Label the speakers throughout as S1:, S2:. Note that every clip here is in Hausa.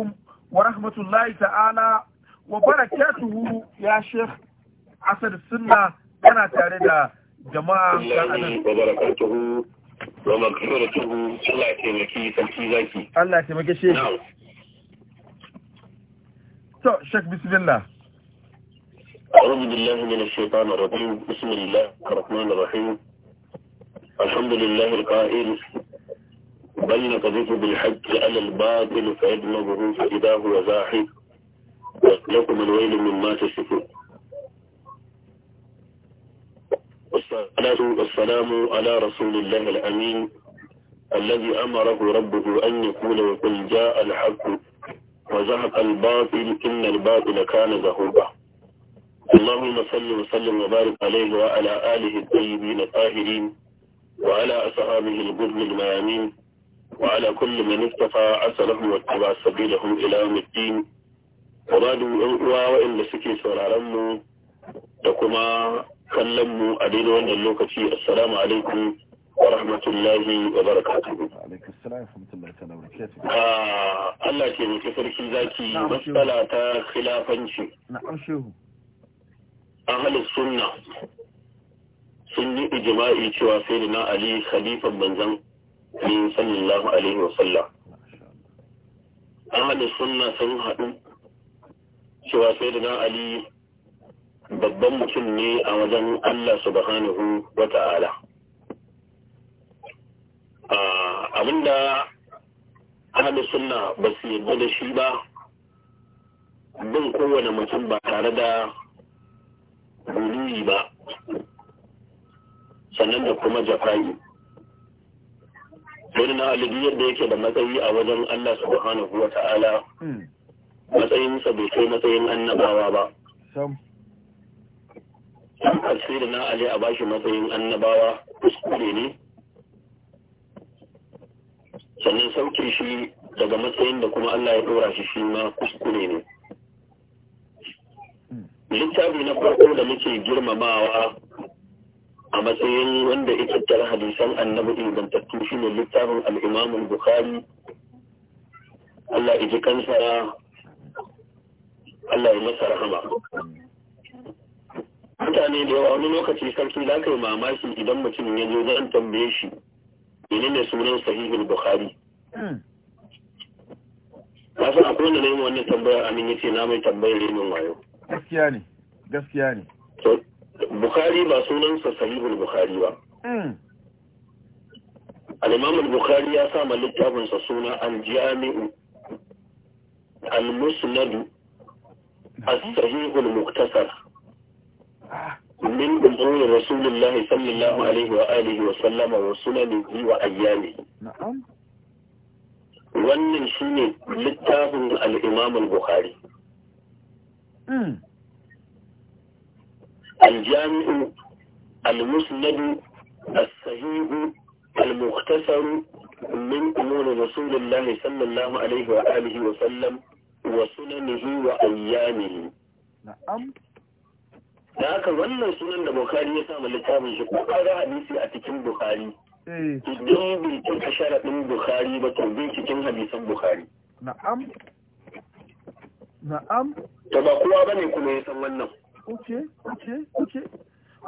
S1: عليكم ورحمة الله تعالى وبركاته يا شيخ
S2: عصر السنة
S1: أنا تاردا جماعة وبركاته
S2: ومغفرته الله يتمكي سلكي زكي
S1: الله يتمكي شيخ نعم تو طيب، شيخ بسم الله
S2: أعوذ بالله من الشيطان الرجيم بسم الله الرحمن الرحيم الحمد لله القائل بين قضيته بالحج على الباطل فيدمغه فإذا هو زاحف لكم الويل مما تصفون والصلاة والسلام على رسول الله الأمين الذي أمره ربه أن يقول وقل جاء الحق وزهق الباطل إن الباطل كان زهوبا اللهم صل وسلم وبارك عليه وعلى آله الطيبين الطاهرين وعلى أصحابه الغر الميامين وعلى كل من اصطفى عسى له واتبع سبيله الى يوم الدين وبعد ان وان سكي سوراران da kuma kallon mu a daidai wannan lokaci assalamu alaikum wa rahmatullahi wa barakatuhu Allah ke mai sarki zaki matsala ta khilafanci a halin sunna sun yi ijima'i cewa sai na ali khalifan banzan sallallahu alaihi wasallam ahli sunna sun haɗu cewa sai da ali babban mutum ne a wajen Allah subhanahu wa ta'ala abinda ahli sunna ba su yadda da shi ba bin kowane mutum ba tare da buluyi ba sannan da kuma jafayi wani na alibi yadda yake da matsayi a wajen Allah subhanahu wa ta'ala hmm. matsayinsa bai kai matsayin annabawa ba an da na ali a bashi matsayin annabawa kuskure ne sannan sauke shi daga matsayin da kuma Allah ya ɗora shi shi ma kuskure ne hmm. littafi na farko da muke girmamawa a matsayin wanda ya tattara hadisan annabi ingantattu shi ne littafin al'imamun bukhari Allah ya ji kansa Allah ya masa rahama mutane da yawa wani lokaci sarki za ka yi mamaki idan mutum ya zo zan tambaye shi ne sunan sahihul bukhari hmm. na san akwai wanda na yi wannan tambayar amin ya ce na mai tambayar remin wayo
S1: gaskiya ne gaskiya ne
S2: Bukhari ba sunansa sahihul Bukhari ba. al Bukhari ya sa ma littafinsa suna al-jami'u, al musnad as sahihul muktasar. Min umar Rasulullah sallallahu Alaihi wa alihi wa sallama wa sunanihi wa ayyami. Wannan shi ne littafin al'imamul Bukhari. Hmm. الجامع المسند الصحيح المختصر من أمور رسول الله صلى الله عليه وآله وسلم وسننه وأيامه نعم da haka wannan sunan da bukari ya samu littafin shi ko ƙara hadisi a cikin bukari idan bincika sharaɗin bukari ba to binciken hadisan bukari na'am na'am to ba kowa bane kuma ya san wannan
S1: ok ok ok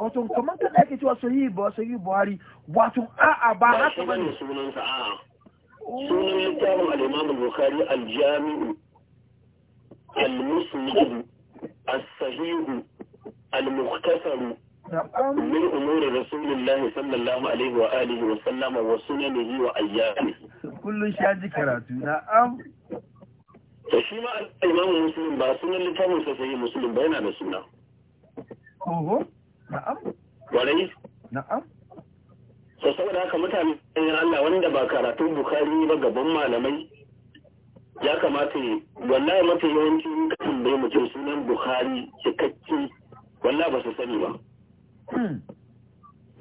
S1: wato kamar kan ake cewa sahihi ba sahihi buhari wato a'a ba haka bane
S2: sunan sa a'a oh. sunan littafin al-imam al-bukhari al-jami'u al-muslim as-sahih al-mukhtasar من أمور رسول الله صلى الله عليه وآله وسلم وسننه وأيامه
S1: shi شيء ذكرته نعم
S2: فشيما الإمام مسلم با سنن لتابع سيد ba yana da سنه
S1: Oho, na'am.
S2: Warai? Na'am. So saboda haka mutane sun yi Allah wanda ba karatun Bukhari ba gaban malamai ya kamata wallahi mafi yawanci in ka tambaye mutum sunan Bukhari cikakke wallahi ba su sani ba. Hmm.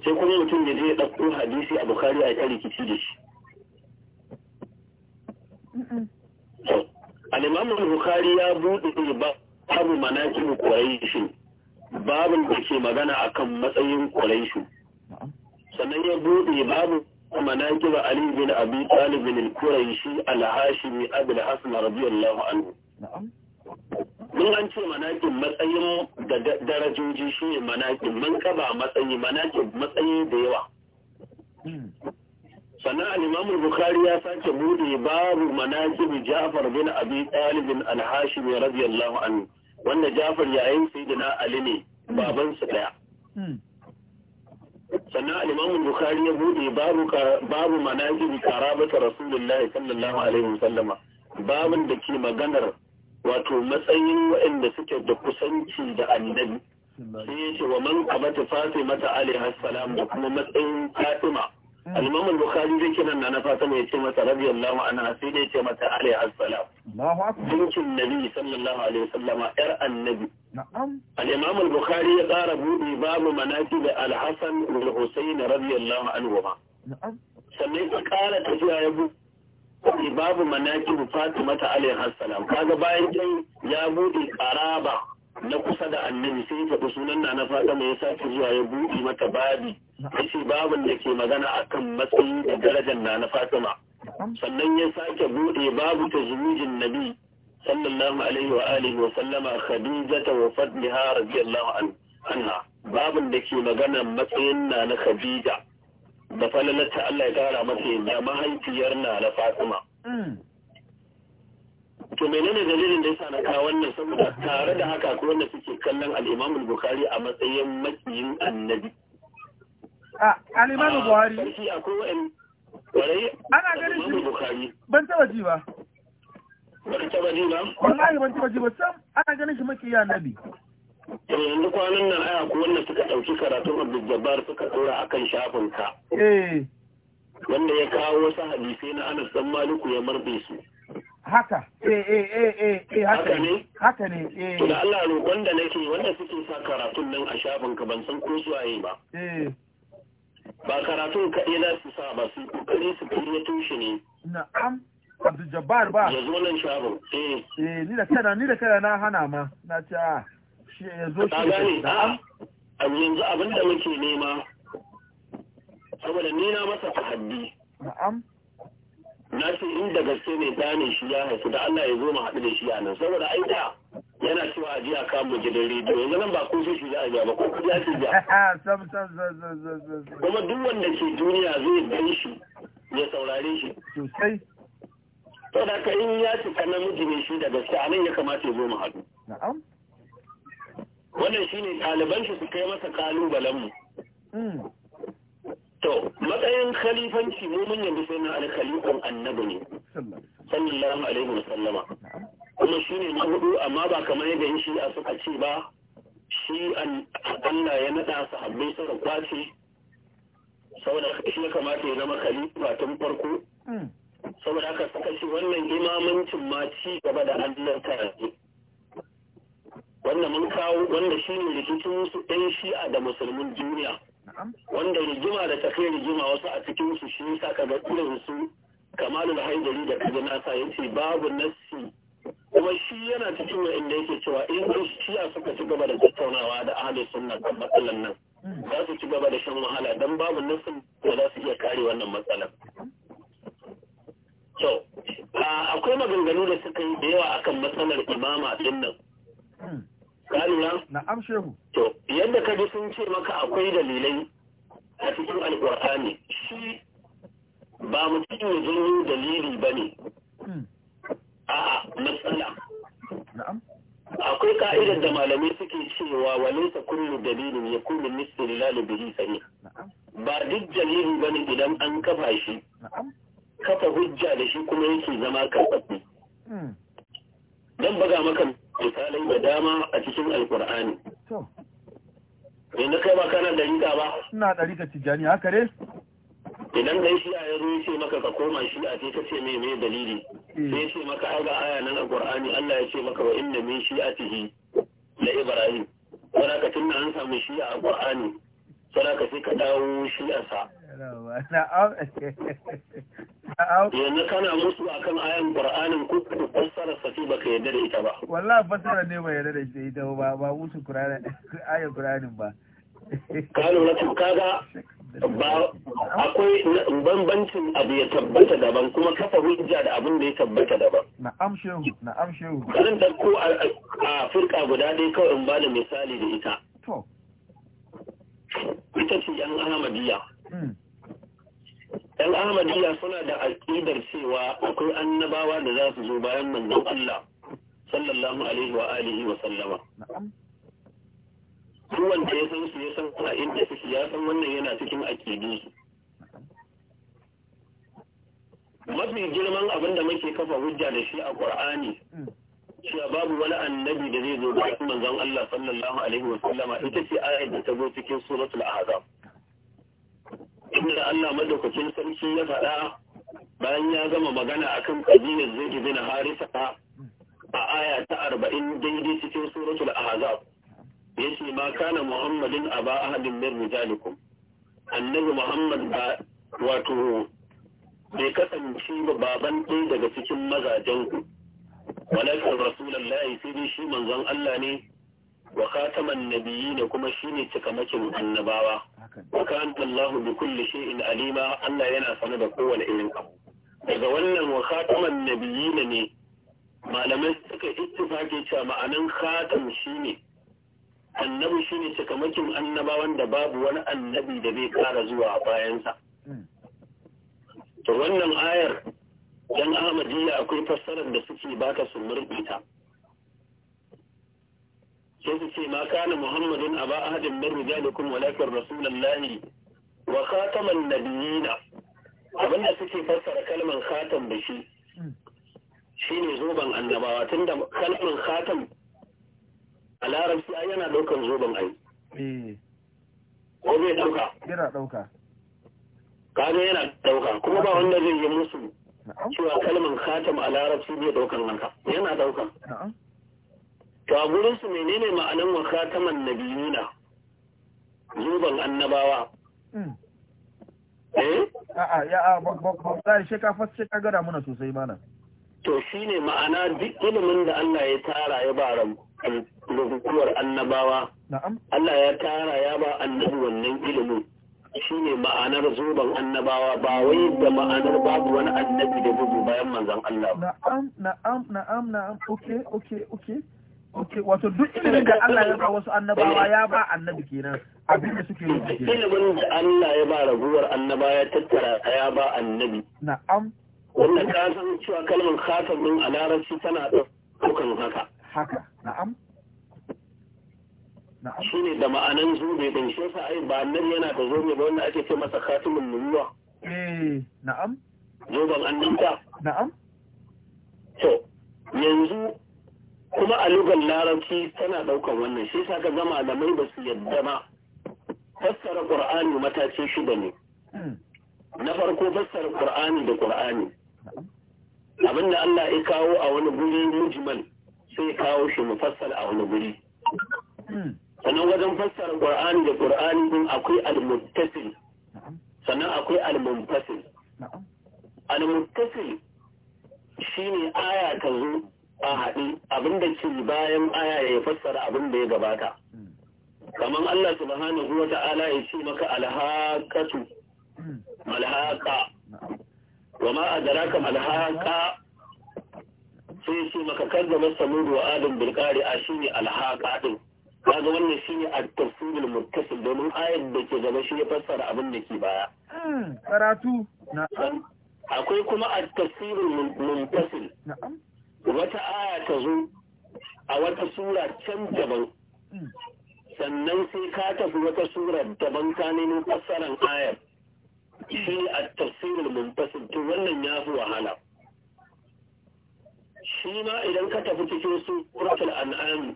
S2: Sai kuma mutum da zai ɗauko hadisi a Bukhari a ta rikici da shi. Al-Imam Bukhari ya buɗe ba abu manakin shi. babin da ke magana a kan matsayin Quraishu sannan ya bude babu مناكب علي بن أبي طالب الكريشي الهاشمي أبي الحسن رضي الله عنه anhu. mun an ce manakin matsayin da darajoji shi ne manakin mun kaba matsayi manakin matsayi da yawa hmm. sannan al-imam bukhari ya sake buɗe babu manakin ja'far bin abi talib al-hashimi radiyallahu anhu wanda jafar yayin sayyidina ali ne babansa daya hmm. sannan al bukhari ya bude babu babu karabata rasulullahi sallallahu alaihi wasallam babin da ke maganar wato matsayin waɗanda suke da kusanci da annabi sai ya ce wa man kamata fatimata alaihi salam da kuma matsayin fatima Mm. al-imam al-bukhari zai kira na fata mai ce mata radiyallahu anha sai dai ce mata alaihi assalam Allahu dinkin nabi sallallahu alaihi wasallama yar annabi na'am al-imam al-bukhari ya tsara buɗe babu manaqib al-hasan wal husayn radiyallahu anhuma na'am sannan ya ƙara tafiya ya bu babu da fatima ta alaihi assalam kaga bayan dai ya buɗe qaraba na kusa da annabi sai ya faɗi sunan na na fata mai yasa zuwa ya buɗe mata babi yace babin da ke magana akan matsayi da darajar na na Fatima sannan ya sake bude babu tazwijin nabi sallallahu alaihi wa alihi wa sallama khadijata wa fadliha radiyallahu anha babin da ke magana matsayin na na khadija da falalata Allah ya kara masa yadda mahaifiyar na na Fatima to menene dalilin da yasa na kawo wannan saboda tare da haka ko wanda suke kallon al-Imam al-Bukhari a matsayin makiyin annabi alimanu buhari ana ganin shi
S1: ban taba ji ba ban taba ji ba ban taba ji ba sam ana ganin shi makiya nabi
S2: yanzu kwanan nan aya ko wanda suka ɗauki karatun abdul jabbar suka tura akan shafin ka eh. wanda ya kawo wasu hadisi na anas dan maliku ya marbe su
S1: haka eh
S2: eh eh eh, eh haka ne
S1: haka ne eh to da Allah
S2: roƙon da nake wanda suke sa karatun nan a shafin ka ban san ko su yi ba eh ba karatun kaɗai za su sa ba su kokari su kuma tushe ne na'am Abdul Jabbar ba ya zo nan shago eh
S1: eh ni da kana ni da kana na hana ma na ce a ah, shi ya zo shi na'am
S2: ah, a yanzu abinda muke nema saboda ni na masa tahaddi na'am na ce in da gaske ne gane shi ya haifu da Allah ya zo mu haɗu da shi a nan saboda ai da yana cewa a jiya a kama gidan rediyo yanzu nan ba ko sai shi za'a a ba ko kudi ake biya ah,
S1: sam sam sam
S2: kuma duk wanda ke duniya zai gan shi ya saurare shi sosai to da ka in ya cika namiji ne shi da gaske a ya kamata ya zo mu haɗu na'am wannan shine ɗaliban shi su kai masa kalubalen mu hmm. To, matsayin khalifanci mu mun yanzu sai na alkhalifan annabi ne, sallallahu alaihi wa sallama. kuma shi ne na hudu amma ba kamar yadda yin shi a suka ce ba shi Allah ya naɗa sahabbai suka kwace saboda shi ya kamata ya zama khalifa tun farko hmm. saboda haka suka ce wannan imamancin ma ci gaba da Allah ta rage wanda mun kawo wanda shi ne rikicin su ɗan shi'a da musulmin duniya wanda rigima da tafiya rigima wasu a cikin su shi sa ka ga irin su kamalul haidari da kaji ya yace babu nassi kuma shi yana cikin wa'inda yake cewa in shiya suka ci gaba da tattaunawa da ahalin sunna kan matsalan nan za su ci gaba da shan wahala don babu nufin da za su iya kare wannan matsalan. So, akwai maganganu da suka yi da yawa akan matsalar imama din nan. Kalula?
S1: Na'am shehu.
S2: To, yadda ka ji sun ce maka akwai dalilai a cikin alƙur'ani shi ba mutum ya dalili ba ne. Hmm. a'a matsala. akwai ka'idar da malamai suke cewa walaisa kullu dalilin ya kullu misli lilalu bihi Sani. ba duk ba bane idan an kafa shi kafa hujja da shi kuma yake zama karɓaɓɓe dan hmm. baga maka misalai da dama a cikin alkur'ani yanzu eh, kai ba kana da riga ba
S1: ina da tijani haka ne
S2: idan dai shi a yanzu ce maka ka koma shi a ce ka ce me mai dalili mm. sai ce maka ai ga aya nan a Qur'ani Allah ya ce maka wa inna min shi'atihi la Ibrahim wala ka tunna an
S1: samu shi a Qur'ani wala ka sai ka dawo shi a sa
S2: yanzu kana musu akan ayan qur'anin ko fassara safi baka yarda da ita ba
S1: wallahi fassara ne bai yarda da ita ba ba musu qur'ani ayan qur'anin ba ka lura
S2: kaga akwai bambancin abu ya tabbata daban kuma kafa hujja da abin da ya tabbata daban
S1: na'am shehu na'am
S3: shehu
S2: da ko a furka guda dai kawai in bada misali da ita to ita ce yan ahmadiyya hmm. yan ahmadiyya suna da aƙidar cewa akwai annabawa da za su zo bayan manzon Allah sallallahu alaihi wa alihi wa sallama na'am duk wanda ya san su ya san kuna inda su ya san wannan yana cikin su mafi girman abin da muke kafa hujja da shi a ƙur'ani cewa babu wani annabi da zai zo da manzon Allah sallallahu alaihi wa ita ce ayat da ta zo cikin suratul ahzab inda Allah madaukakin sarki ya faɗa bayan ya zama magana akan kabilar zai bin Harisa a aya ta 40 daidai cikin suratul ahzab yace ma kana muhammadin aba ahadin min rijalikum annabi muhammad ba wato bai kasance ba baban ɗaya daga cikin mazajenku. ku walakin rasulullahi sai dai shi manzon Allah ne wa khataman ne kuma ne cikamakin annabawa wa kana Allahu bi kulli shay'in alima Allah yana sanar da kowane irin abu daga wannan wa khataman nabiyyin ne malamai suka ittifaki cewa ma'anan khatam shine annabi shi ne cikamakin annabawan da babu wani annabi da bai kara zuwa bayansa to wannan ayar yan ahmadiyya akwai fassarar da suke baka su ta. sai su ce ma na muhammadin aba ahadin min rijalikum walakin rasulullahi wa khataman nabiyina abinda suke fassara kalmar khatan da shi Shi ne zoben annabawa tun da kalmar khatan a larabci ai yana daukar zoben ai eh. ko zai ɗauka yana kaga yana ɗauka kuma ba wanda zai yi musu cewa kalmar khatam a larabci zai ɗaukan haka yana dauka to a gurin su menene ma'anan wa khataman nabiyuna zoben annabawa hmm. eh a'a ya
S1: a ba ba shi kafa fashe ka gada muna sosai mana
S2: to shi ne ma'ana duk ilimin da Allah ya tara ya ba ranku nubuwar annabawa Allah ya tara ya ba annabi wannan ilimin ne ma'anar zuban annabawa ba wai da ma'anar babu wani annabi da zubu bayan manzan Allah
S1: na'am na'am na'am na'am okay okay okay okay wato duk ilimin da Allah ya ba wasu annabawa ya ba annabi kenan abin da suke yi ilimin
S2: da Allah ya ba raguwar annaba ya tattara ya ba annabi na'am wannan ka san cewa kalmar khatam din a larabci tana ɗaukan haka
S1: haka na'am
S2: shi ne da ma'anan zobe din shi yasa ai ba nan yana da zobe ba wanda ake ce masa khatimun nubuwa
S1: eh na'am
S2: zoben annabta na'am to yanzu kuma a lugar larabci tana daukan wannan shi yasa ka zama da mai ba su yadda ma fassara qur'ani matace shi bane hmm. na farko fassara qur'ani da qur'ani abinda Allah ya kawo a wani guri mujmal sai kawo shi mufassal a wani guri hmm. sannan wajen fassara Kur'ani da Kur'ani din akwai al-muttasil sannan akwai al-munfasil al-muttasil shine aya ta zo a haɗi abinda ke bayan aya ya fassara abin da ya gabata hmm. kamar Allah subhanahu wa ta'ala ya ce maka alhaqatu malhaqa hmm. wa ma adraka malhaqa sai su maka kazzama samudu wa adam bilkari a shine alhaqa din kaga wannan shine a tafsirin muttasil domin ayar da ke gaba shi ya fassara abin da ke baya
S1: hmm, karatu
S2: akwai kuma a tafsirin muttasil wata aya ta zo a wata sura can daban hmm. sannan sai ka tafi wata sura daban ka nemo fassaran ayar shi a tafsirin muttasil to wannan ya fi wahala shi ma idan ka tafi cikin suratul an'am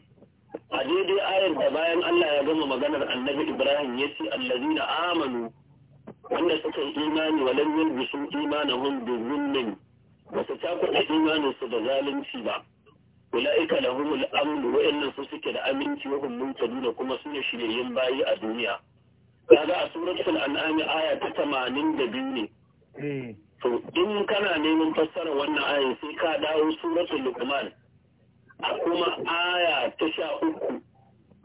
S2: a daidai ayar da bayan Allah ya gama maganar annabi Ibrahim ya ce allazina amanu wanda suka yi imani wa lam yalbisu imanahum bi zulmin ba su takuɗa imanin su da zalunci ba ulaika lahumul amn wa inna su suke da aminci wa hum kuma su ne shiryayyen bayi a duniya kaga a suratul an'am aya ta 82 ne
S3: eh. to in kana neman fassara wannan ayin sai ka
S2: dawo suratul luqman a kuma aya ta sha uku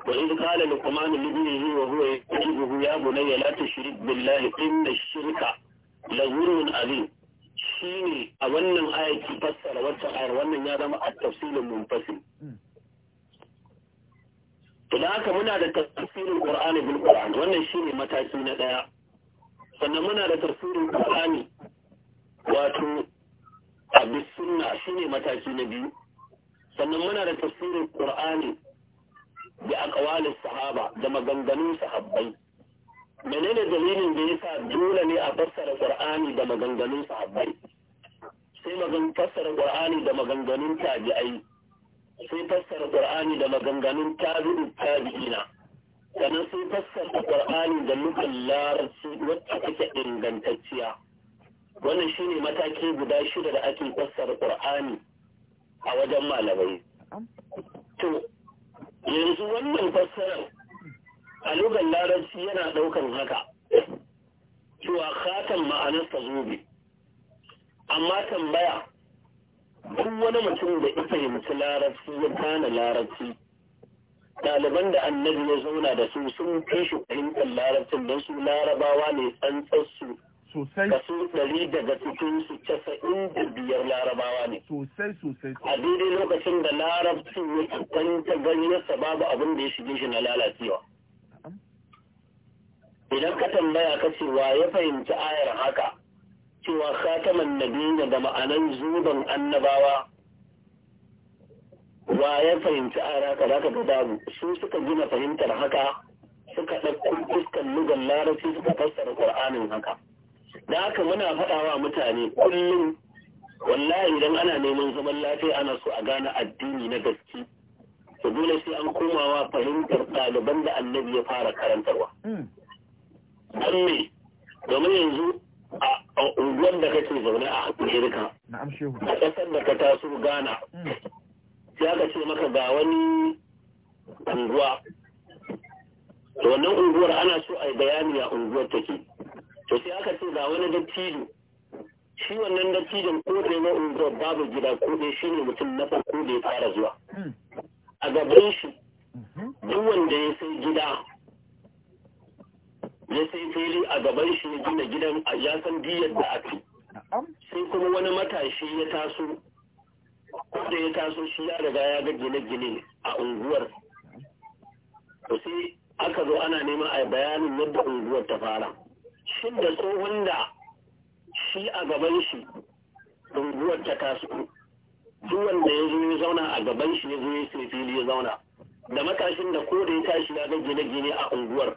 S2: wa in qala luqman li ibnihi wa huwa yaqulu ya bunayya la tushrik billahi inna ash-shirka la zulmun azim shine a wannan aya ki fassara wannan ayar wannan ya zama at-tafsilul munfasil to da haka muna da tafsirin qur'ani bil qur'an wannan shine mataki na daya sannan muna da tafsirin qur'ani wato abin sunna ne mataki na biyu sannan muna da tafsirin ƙur'ani da aqwalis sahaba da maganganun sahabbai menene dalilin da yasa dole ne a fassara ƙur'ani da maganganun sahabbai sai magan fassara ƙur'ani da maganganun tabi'ai sai fassara ƙur'ani da maganganun tabi'u tabi'ina sannan sai fassara ƙur'ani da lukan larabci wacce take ingantacciya wannan shine mataki guda shida da ake fassara qur'ani a wajen malamai to yanzu wannan fassarar a lugar larabci yana daukan haka cewa ma'anarsa ma'anar ta zobe amma tambaya duk wani mutum da ya fahimci larabci ya gane larabci ɗaliban da annabi ya zauna da su sun kai shi fahimtar larabcin don su larabawa ne su. sosai kaso ɗari daga cikin su casa'in da biyar larabawa ne
S1: sosai sosai
S2: a daidai lokacin da larabci ya kwanta ganiyarsa babu abin da ya shige shi na lalacewa idan ka tambaya ka ce wa ya fahimci ayar haka cewa khataman nabiyina da ma'anan zuban annabawa wa ya fahimci ayar haka za ka ga babu su suka gina fahimtar haka suka ɗauko fuskan lugan larabci suka fassara ƙur'anin haka da haka muna faɗawa mutane kullum wallahi idan ana neman zaman lafiya ana so a gane addini na gaske to dole sai an komawa fahimtar ɗaliban da annabi ya fara karantarwa hmm. don me domin yanzu a unguwar da kake zaune a amerika a ƙasar da ka taso ghana hmm. sai aka ce maka ga wani unguwa to wannan unguwar ana so a yi bayani a unguwar take to sai aka ce ga wani dattijo shi wannan dattijon ko da ya unguwa babu gida ko da shi ne mutum na farko da ya fara zuwa a gaban shi duk wanda ya sai gida ya sai fili a gaban shi ya gina gidan a ya san diyar da aka sai kuma wani matashi ya taso ko da ya taso shi ya riga ya ga gine-gine a unguwar to sai aka zo ana neman a bayanin yadda unguwar ta fara Shin da tsohon da shi a gaban shi runguwar ta tasu wanda ya zo ya zauna a gaban shi ya zo ya sai fili ya zauna da matashin da ko da ya tashi ya gaji na gini a unguwar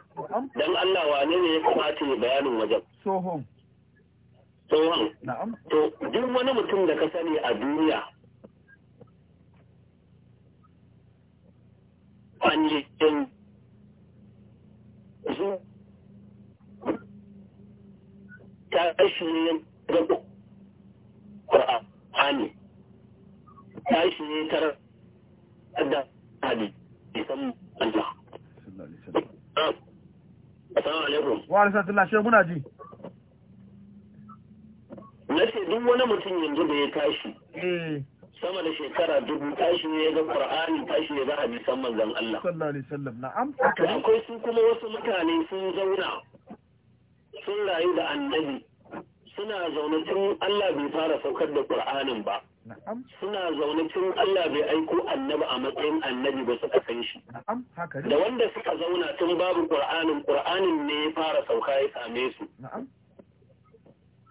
S2: don Allah wane ne ya kamata ya bayanin wajen tsohon tsohon to duk wani mutum da ka sani a duniya an yi zuwa ta rashin Qur'ani ta shi da hadi isan Allah Assalamu alaikum
S1: wa muna ji
S2: duk wani mutum yanzu da ya tashi eh. sama da shekara dubu tashi ne ga Qur'ani tashi ne ga hadisan manzon Allah
S1: sallallahu alaihi wasallam na'am akwai
S2: su kuma wasu mutane sun zauna sun rayu da annabi suna zaune tun Allah bai fara saukar da Qur'anin ba suna zaune tun Allah bai aiko annabi a matsayin annabi ba suka san shi da wanda suka zauna tun babu Qur'anin Qur'anin ne ya fara sauka ya same su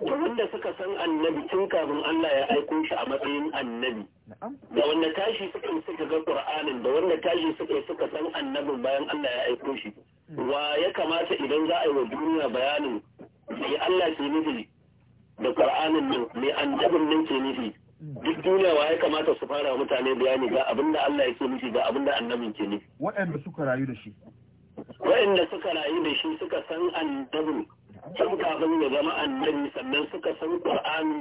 S2: da wanda suka san annabi tun kafin Allah ya aiko shi a matsayin annabi da wanda tashi suka suka ga Qur'anin da wanda tashi suka suka san annabin bayan Allah ya aiko shi wa ya kamata idan za a yi wa duniya bayanin mai Allah ke nufi da Qur'anin nan mai annabin nan ke nufi duk duniya wa ya kamata su fara mutane bayani ga abin da Allah yake nufi ga abin da annabin ke nufi
S1: waɗanda suka rayu da shi
S2: waɗanda suka rayu da shi suka san annabin tun kafin ya zama annabi sannan suka san Qur'ani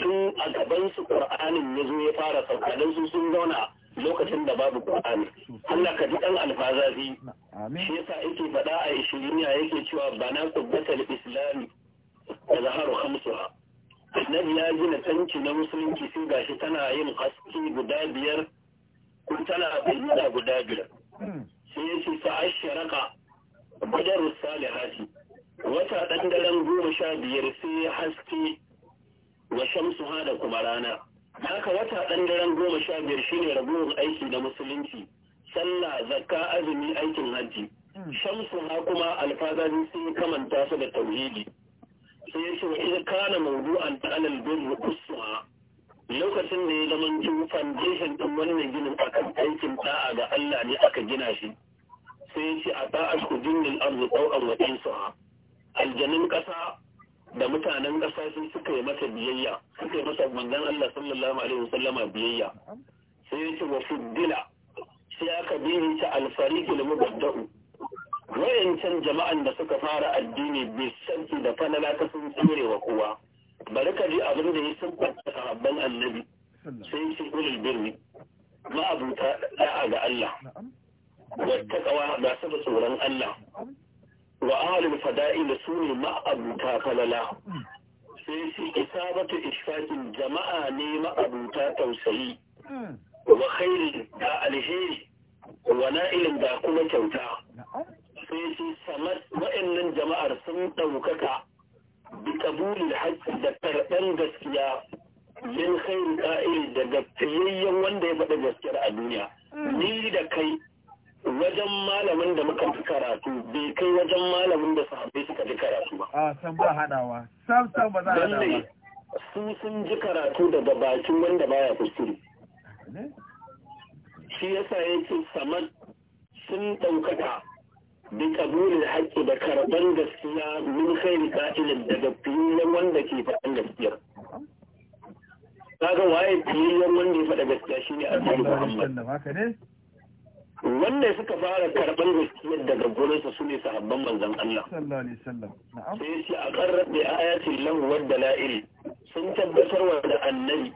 S2: tun a gaban su Qur'anin ya zo ya fara sauka dan su sun zauna lokacin da babu Qur'ani Allah ka ji dan alfazazi shi yasa yake faɗa a ya yake cewa bana qubbatul islam da zaharu khamsuha annabi ya gina tanki na musulunci sai gashi tana yin haske guda biyar kun tana bayyana guda biyar hmm. sai yace ta asharaka badarus salihati wata dandaren goma sha biyar sai haske wa ha da kuma rana haka wata ɗan daren goma sha biyar shine ragowar aiki da musulunci sallah zakka azumi aikin hajji hmm. shamsu ha kuma alfazari sun kamanta su da tauhidi sai ya ce wa idan kana mawdu'an ta alal birru uswa lokacin da ya zama jin foundation ɗin wannan ginin akan aikin ta'a ga Allah ne aka gina shi sai ya ce a ta'ashku jinnil arzu ɗau'an wa ɗansu'a aljanin ƙasa da mutanen ƙasa suka yi masa biyayya suka yi masa manzon Allah sallallahu alaihi wasallama biyayya sai ya ce wa fuddila sai aka bihi ta alfariki da mubadda'u wayancan jama'an da suka fara addini bisanti da fanala ta sun tsere wa kowa bari ka ji abin da ya sabbata sahabban annabi sai ya shi ulul birni ma'abuta da'a ga Allah wata kawa ga su tsoron Allah wa ahalul fada'il su ne ma'abuta falala sai shi isabatu ishfakin jama'a ne ma'abuta tausayi wa khairi da alheri wa na'ilin da kuma kyauta sai shi samar wa'annan jama'ar sun ɗaukaka bi kabulin haƙƙi da tarban gaskiya yin khairu da'il daga fiyayyen wanda ya faɗa gaskiyar a duniya ni da kai wajen malamin da muka fi karatu bai kai wajen malamin da sahabbai suka ji karatu ba.
S1: A san ba haɗawa.
S2: Sam sam ba za a haɗawa. Su sun ji karatu daga bakin wanda baya kuskure. Shi yasa yake saman sun ɗaukaka bi kabulin haƙƙi da karɓar gaskiya min khairi ka'ilin daga filin wanda ke faɗin gaskiyar. Kaga waye filin wanda ya faɗa gaskiya shi ne Annabi Muhammad. wannan suka fara karɓar gaskiyar daga gurinsa su ne sahabban manzon Allah
S1: sai
S2: shi a ƙarar da ayatin lahuwar da la'iri sun wa da annabi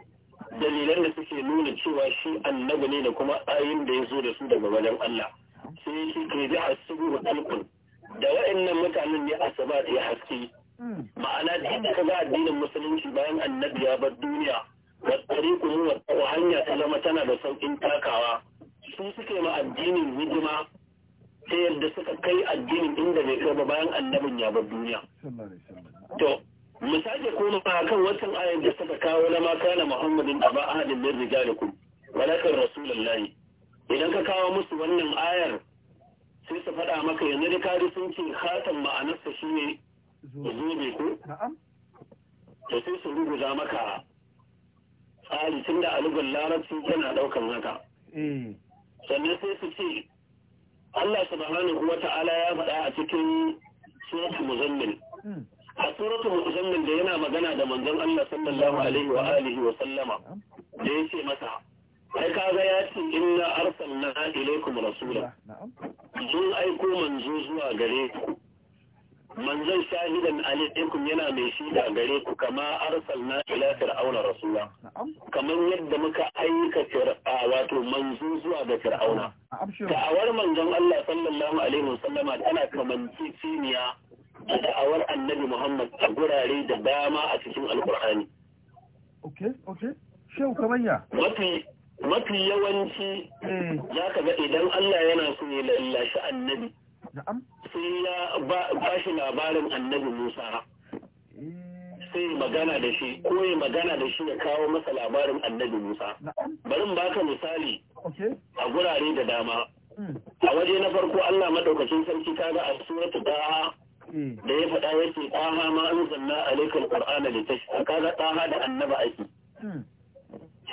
S2: dalilan da suke nuna cewa shi annabi ne da kuma ayin da ya zo da su daga wajen Allah sai shi ke ji a sugu da wa'annan mutanen ne asaba ya haske hmm. ma'ana da yadda ka ga addinin musulunci bayan annabi ya bar duniya wa tsari kuma hanya ta zama tana da sauƙin takawa su suke ma addinin hidima ta yadda suka kai addinin inda bai kai ba bayan annabin ya bar duniya to mu sake koma kan wancan ayar da suka kawo na maka kana muhammadin aba ahadin min rijalikum walakin rasulullahi idan ka kawo musu wannan ayar sai su faɗa maka yanzu da kari sun ce khatan ma'anarsa shi ne zobe ko? to sai su rubuta maka tsari tun da alugun larabci yana ɗaukan haka. Eh. sannan sai su ce Allah subhanahu wa ta'ala ya faɗa a cikin suratul muzammil hmm. a suratul muzammil da yana magana da manzon Allah sallallahu alaihi wa alihi wa sallama da yace masa ai kaga ya ce inna arsalna ilaykum rasula mun aiko manzo zuwa gare ku manzon shahidan Ali alaikum yana mai shi da gare ku kama arsalna ila fir'auna rasulullah kamar yadda muka aika fir'a wato manzo zuwa ga fir'auna da'awar manzon Allah sallallahu alaihi wasallama tana kamanci ciniya da da'awar annabi Muhammad a gurare da dama a cikin alqur'ani
S4: okay okay shehu kamanya
S2: mafi mafi yawanci eh. zaka ga idan Allah yana so ya shi annabi na'am sai ya ba shi labarin annabi Musa sai magana da shi ko ya magana da shi ya kawo masa labarin annabi Musa bari in baka misali a gurare da dama a waje na farko Allah madaukakin sarki kaga a suratu da'a da ya faɗa yace ɗaha ma anzalna alaikal qur'ana litashqa kaga ɗaha da annaba ake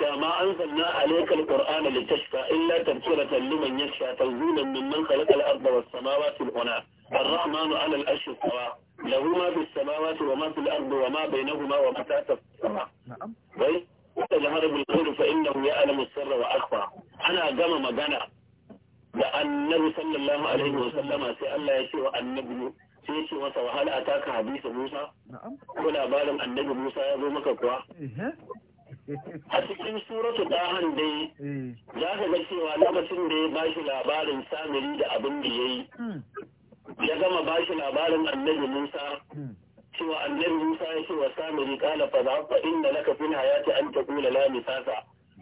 S2: كما أنزلنا عليك القرآن لتشفى إلا تذكرة لمن يشفى تنزيلا ممن خلق الأرض والسماوات العلى الرحمن على الأشهر سواء له ما في السماوات وما في الأرض وما بينهما وما تحت السماء نعم وتجهر بالقول فإنه يعلم السر وأخفى أنا جمع مجانا لأنه صلى الله عليه وسلم سأل يشوى النبي sai ce masa wahala a taka hadisa Musa ko labarin annabi Musa ya zo maka kuwa a cikin suratu dahan dai eh. za ka ga cewa lokacin da ya ba shi labarin samiri da abin da ya yi hmm. ya gama ba shi labarin annabi musa hmm. cewa annabi musa ya ce wa samiri kala fa za fa inda laka fil hayati an taqula la misasa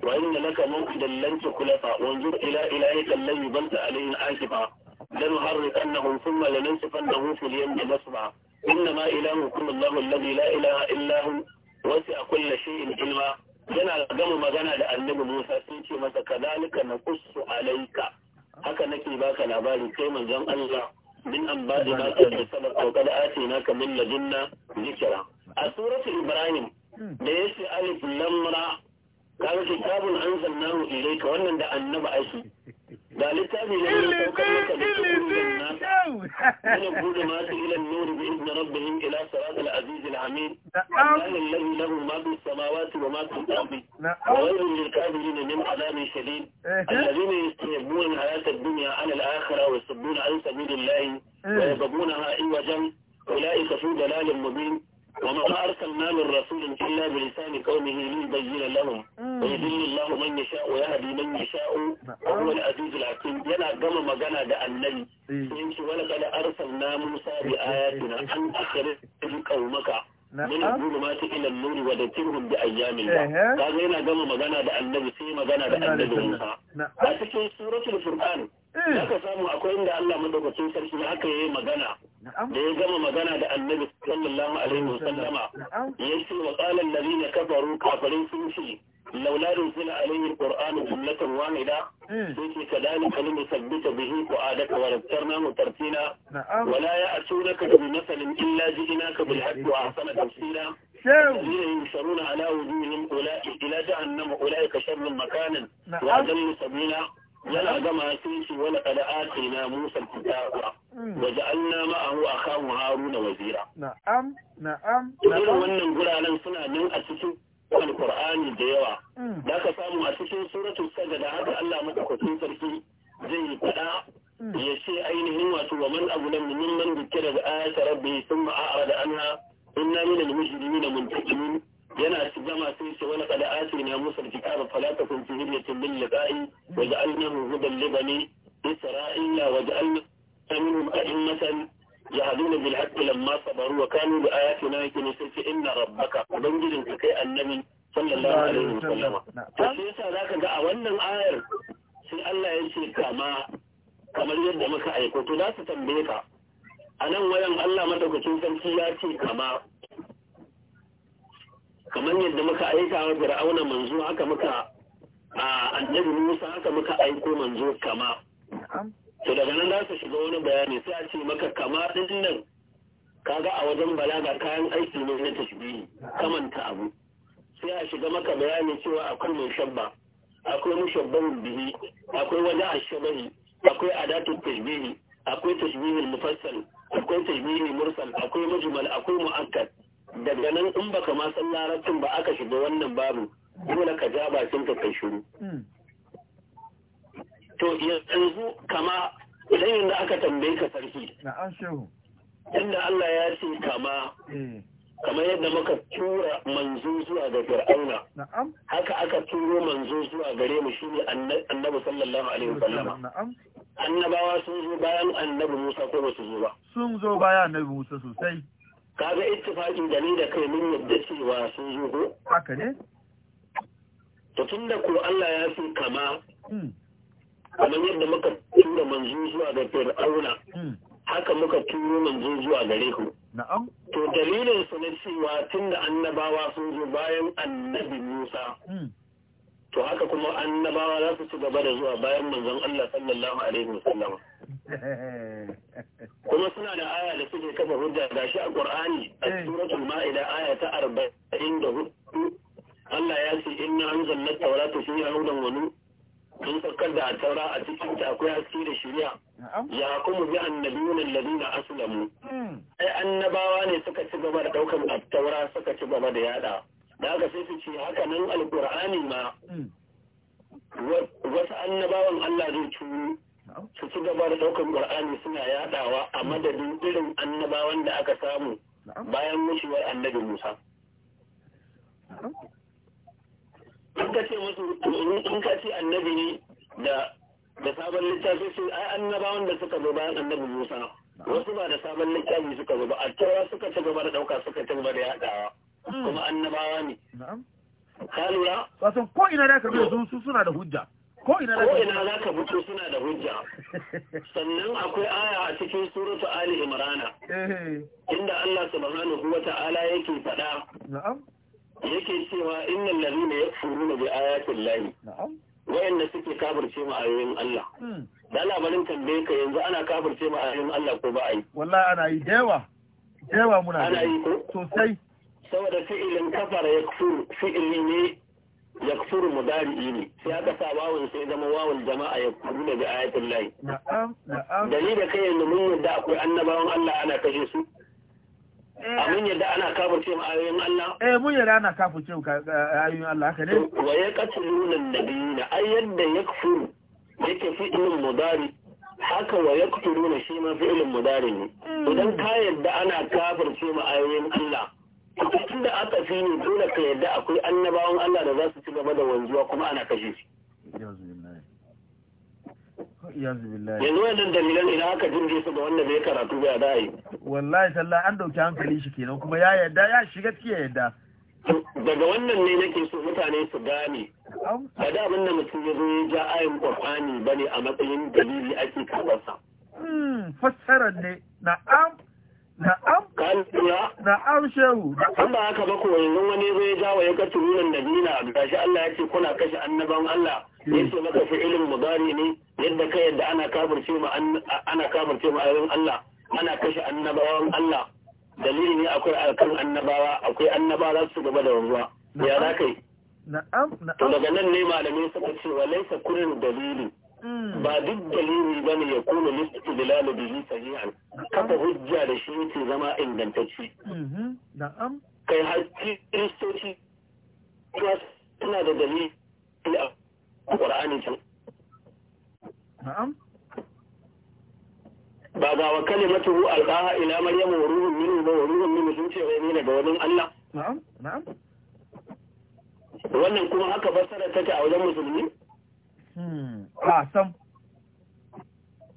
S2: wa inna laka mawqidan lan tukulafa wanzur ila ilaika alladhi banta alayhi akifa لنحرقنهم ثم لننسفنه في اليم نصبا انما الهكم الله الذي لا اله الا هو وسع كل شيء ilma. yana gama magana da annabi Musa sun ce masa kadalika na kusu alaika haka nake baka labari kai manzon Allah min ambadi ma ko kada ace na ka min ladunna zikra a suratul ibrahim da yace alif lam ra kaga kitabun anzalnahu ilayka wannan da annabi aiki da littafi ne ya saukar من الظلمات إلى النور بإذن ربهم إلى صراط العزيز الحميد نعم. الله الذي له ما في السماوات وما في الأرض
S5: نعم. وويل
S2: للكافرين من عذاب شديد إيه. الذين يستحبون الحياة الدنيا على الآخرة ويصدون عن سبيل الله
S3: إيه. ويبغونها
S2: عوجا أولئك في ضلال مبين وما أرسلنا من رسول إلا بلسان قومه ليبين لهم ويذل الله من يشاء ويهدي من يشاء وهو العزيز الحكيم يلا جمع مجانا ده النبي يمشي ولقد أرسلنا موسى بآياتنا أن أخرج قومك من الظلمات إلى النور وذكرهم بأيام الله قال هنا جمع مجانا ده النبي سي مجانا ده النبي موسى لكن سورة الفرقان Hmm. Zaka samu akwai inda Allah madaukakin sarki da haka yi magana. Da ya gama magana da Annabi sallallahu alaihi wasallama. Ya ce wa qala allazina kafaru kafarin sun ce laula rusila alaihi alqur'anu jumlatan wahida. Hmm. Sai ce kadalika lam yusabbita bihi qu'adaka wa rattarnahu tartila. Wa la ya'tunaka bi masalin illa ji'naka bil haqqi wa ahsana tafsira. الذين ينشرون على وجوههم أولئك إلى جهنم أولئك شر مكانا وأذل سبيلا yana gama sai shi wala kada na musa kitaba hmm. wa ja'alna ma'ahu akahu haruna wazira
S3: na'am na'am irin wannan guraren
S2: suna nan a cikin alqur'ani da yawa da hmm. ka samu a cikin suratul da haka Allah madaukakin sarki zai yi fada hmm. ya ce ainihin wato wa man abu lam mimman dukkira da ayati rabbi thumma a'rada anha inna minal na muntakimun yana gama sun ce wani kada ati na musa kitaba fala takun fi hidyatin lil liqa'i wa ja'alnahu hudan li bani isra'ila wa ja'alna minhum a'immatan yahduna bil haqqi lamma sabaru wa kanu bi ayatina yakunu sai inna rabbaka ubangijin ka kai annabi sallallahu alaihi wa sallam to sai yasa zaka ga a wannan ayar sai Allah ya ce kama kamar yadda muka aiko to za su tambaye ka a nan wayan Allah madaukakin sarki ya ce kama kamar yadda muka aika wa fir'auna manzo haka muka a annabi Musa haka muka aiko manzo kama to daga nan za su shiga wani bayani sai a ce maka kama din nan kaga a wajen balaga kayan aiki ne na tashbihi kamanta abu sai a shiga maka bayani cewa akwai mai shabba akwai mushabban bihi akwai waje ashabari akwai adatun tashbihi akwai tashbihin mufassal akwai tashbihi mursal akwai mujmal akwai mu'akkad daga nan in baka ma san larabcin ba aka shiga wannan babu dole ka ja bakin ka kai shiru hmm. to yanzu kama idan yanzu aka tambaye ka sarki inda Allah ya ce kama eh. kamar yadda muka tura manzo zuwa ga fir'auna haka aka turo manzo zuwa gare mu shine annabi sallallahu alaihi na'am annabawa sun zo bayan annabi Musa ko ba su zo ba
S1: sun zo bayan annabi Musa sosai
S2: kaga ittifaki da ni da kai mun yadda cewa sun zo ko haka ne to tunda ko Allah ya fi kama hmm. kamar yadda muka tura manzo zuwa ga Fir'auna hmm. haka muka turo manzo zuwa gare ku na'am to dalilin su ne cewa tunda annabawa sun zo bayan annabi Musa hmm. to haka kuma annabawa za su ci gaba da zuwa bayan manzon Allah sallallahu alaihi wasallam kuma suna da aya da suke kafa hujja shi a Qur'ani a eh. suratul Ma'ida aya ta 44 Allah ya ce inna anzalna tawrata fiha hudan wa nur mun da taura a cikin ta akwai haske da shari'a ya kuma bi annabiyuna alladhina aslamu hmm. ai annabawa ne suka ci gaba da ɗaukar at-taura suka ci gaba da yada daga sai su ce haka nan alkur'ani ma hmm. wasu annabawan Allah zai turu su ci gaba da ɗaukar ƙur'ani suna yaɗawa a hmm. madadin irin annabawan da aka samu bayan mushewar annabi Musa. In ka ce musu in ka ce annabi ne da da sabon littafi su ai annabawan da suka zo bayan annabi Musa wasu ba da sabon littafi suka zo ba a cewa suka ci gaba da ɗauka suka ci gaba da yaɗawa. Mm. kuma annabawa ne ka lura
S1: wato ko ina da ka biyo su suna da hujja ko ina za ka
S2: fito suna da hujja sannan akwai aya a cikin suratu ali imrana eh. inda Allah subhanahu wata'ala yake faɗa yake cewa innal ladina yakfuruna bi ayati llahi wayanda suke kafirce mu ayoyin Allah hmm. da labarin tambaye ka yanzu ana kafirce mu ayoyin Allah ko ba a yi wallahi
S1: ana yi da yawa da yawa muna ana yi sosai
S2: saboda fi'ilin kafara ya kufuru fi'ili ne ya kufuru mudari'i ne sai aka sa wawun sai zama wawun jama'a ya kuru daga ayatul lahi dalilin da kai yanzu mun yadda akwai annabawan Allah ana kashe su eh. a mun yadda ana kafirce mu ayoyin Allah eh
S1: mun yadda ana mu ayoyin Allah haka ne
S2: wa ya qatluna nabiyina ay yadda yakfuru yake fi'ilin mudari haka wa yaqtuluna shi ma fi'ilin mudari ne hmm. idan ka yadda ana kafirce ma ayoyin Allah tun da aka fi ne dole ka yadda akwai annabawan Allah da za su ci gaba da wanzuwa kuma ana kashe shi
S1: yanzu wannan
S2: dalilan idan aka jirge su ga wanda bai karatu ba da yi
S1: wallahi sallah an dauki hankali shi kenan kuma ya yadda ya shiga ciki ya yadda
S2: daga wannan ne nake so mutane su gane ba da abin da mutum ya zo ya ja ayin ba ne a matsayin dalili ake karbarsa
S1: hmm, fassarar ne
S2: na'am na'am shehu an ba haka ba ko yanzu wani zai jawo ya ga nunan da nina gashi Allah ya ce kuna kashe annaban Allah hmm. yace maka ilim mudari ne yadda ka yadda ana kafirce mu ana kafirce mu ayoyin Allah ana kashe annabawan Allah dalili ne akwai alkan annabawa akwai annabawa za su gaba da ruwa ya za kai na'am na'am daga nan ne malamai suka ce wa kullu dalili Mm. ba duk dalili ba ne ya kuma listi bilalu bihi sahihan kafa hujja da shi yake zama ingantacci mhm. kai har kiristoci suna da dalili a ƙwar'ani can ba ga wa kalimatu al'aha ila maryam wa ruhun minhu ba wa ruhun minhu sun ce wai ga wajen Allah na'am na'am wannan kuma haka fassara take a wajen musulmi
S1: ba hmm. ah, sam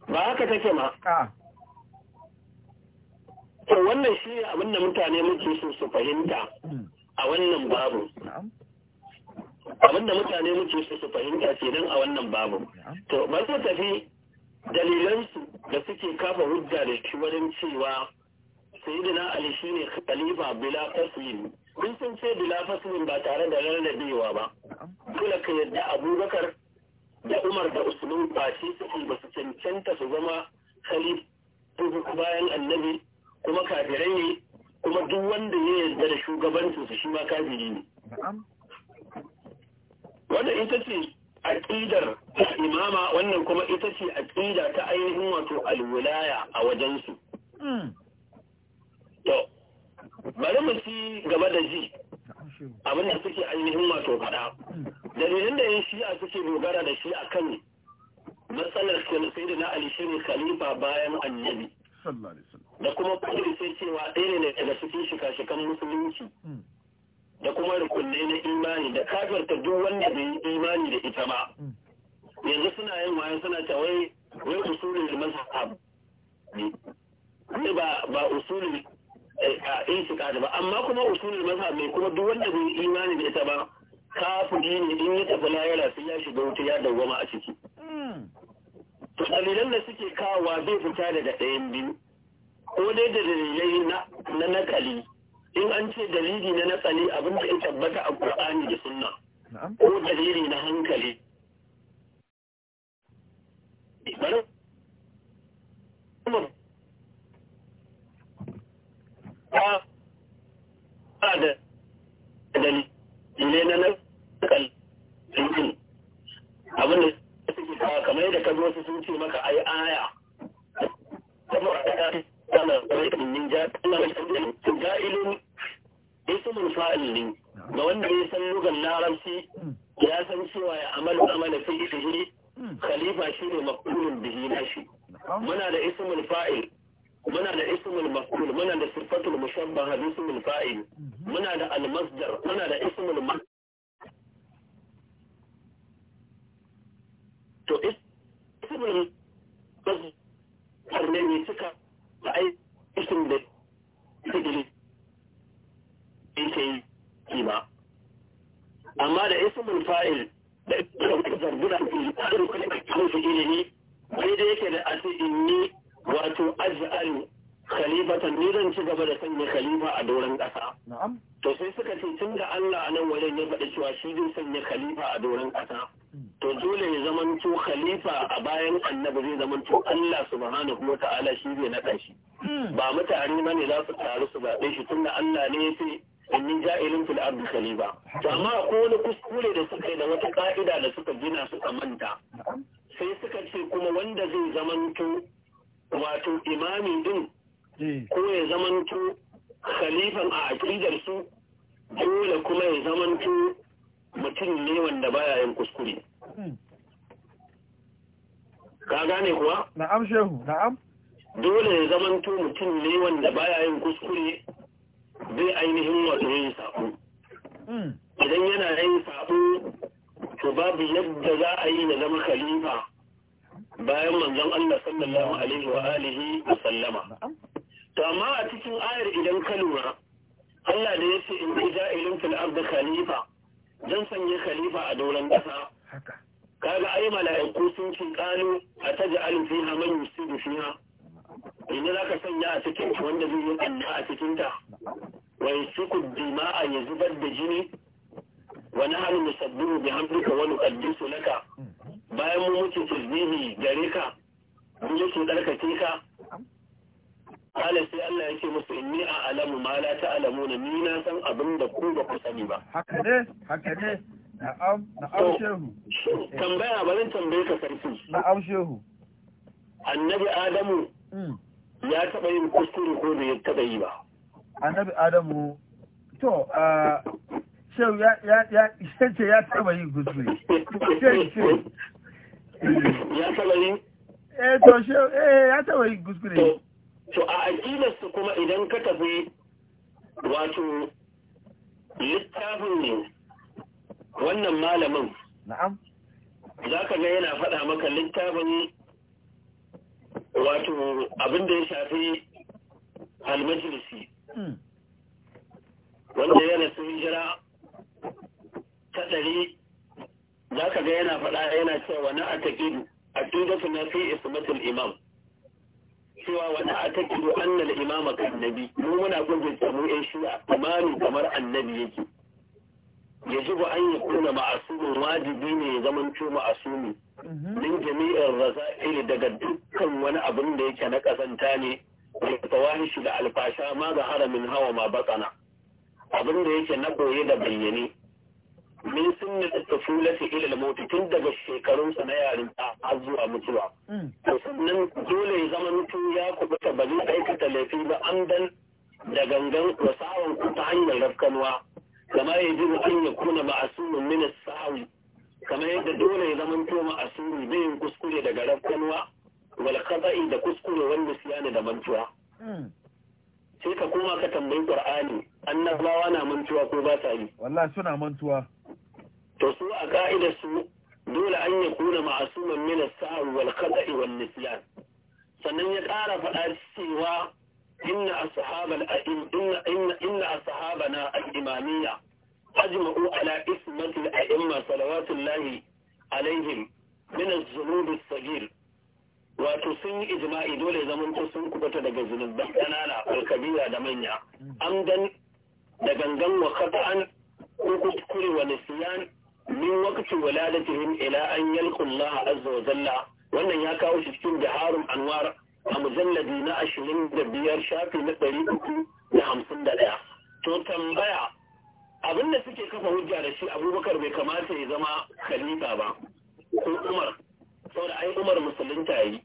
S2: ba haka take ma ah. to wannan shi abin da mutane muke so su fahimta hmm. a wannan babu abin da mutane muke so su fahimta kenan a wannan babu to ba su tafi dalilansu da suke kafa hujja da shi wurin cewa sayyidina ali shi ne khalifa bila faslin kun sun ce bila faslin ba tare da rarrabewa ba kula ka yadda abubakar da umar da usman ba shi suke ba su cancanta su zama khalifu bayan annabi kuma kafirai ne kuma duk wanda ya yarda da shugabancin su shi ma kafiri ne wannan ita ce aqidar imama wannan kuma ita ce aqida ta ainihin wato alwilaya a wajensu hmm. to bari mu ci gaba da ji abin da suke ainihin wato faɗa dalilin da yin shi'a suke dogara da shi a kan matsalar sai da na ali ne khalifa bayan annabi da kuma kudin sai cewa ɗaya ne daga cikin shika-shikan musulunci hmm. da kuma rukunne na imani da kafirta duk wanda bai yi imani da ita ba hmm. yanzu suna yin wayan suna ta wai wai usulul mazhab ne ba a intiqad ba amma kuma usulul mazhab ne kuma duk wanda bai imani da ita ba kafiri ne in ya tafi layala sai ya shiga wuta ya dawwama a ciki hmm. to dalilan da suke kawa zai fita daga ɗayan biyu ko dai da dalilai na nakali in an ce dalili na nakali abin da ya tabbata a qur'ani da sunna ko dalili na hankali bari ba da dalili cewa wani a ta kiro annal imama kan nabi mu muna gudun samu yan shi'a imami kamar annabi yake Ya yajibu an yi kuna ma'asumin wajibi ne ya zama co ma'asumi mhm. min jami'in iri daga dukkan wani abin da yake na kasanta ne da shi da alfasha ma ga haramin hawa ma batsana abin da yake na koye da bayyane min min at-tufulati ila mota tun daga shekarunsa na yarin har zuwa mutuwa hmm. to sannan dole ya zama mutum ya kubuta ba zai aikata laifi ba an dan da gangan wasawan ku ta hanyar rafkanwa kama ya ji an ya kuna a sunan as-sawi kama yadda dole ya zama to ma'asumi yin kuskure daga rafkanwa wal qada'i da kuskure wanda siyana da mantuwa hmm. sai ka koma ka tambayi qur'ani annabawa na mantuwa ko ba sa yi
S1: wallahi suna mantuwa
S2: to su a ka'ida su dole an ya kuna ma'asuman min as-sahr wal khata'i sannan ya ƙara faɗa cewa inna ashabal inna inna a ashabana al-imamiyya ajma'u ala ismati a aimma salawatullahi alaihim min az-zunub as-saghir wato sun yi ijma'i dole zaman ko sun kubata daga zunuban ƙanana alkabira da manya dan da gangan wa khata'an ko kuskure wa nisyan min waqti waladatihim ila an yalqu Allah azza wa jalla wannan ya kawo shi cikin jaharun anwar a mujalladi na ashirin da biyar shafi na ɗari uku da hamsin da ɗaya to tambaya abin da suke kafa hujja da shi abubakar bai kamata ya zama khalifa ba ko umar saboda ai umar musulunta yi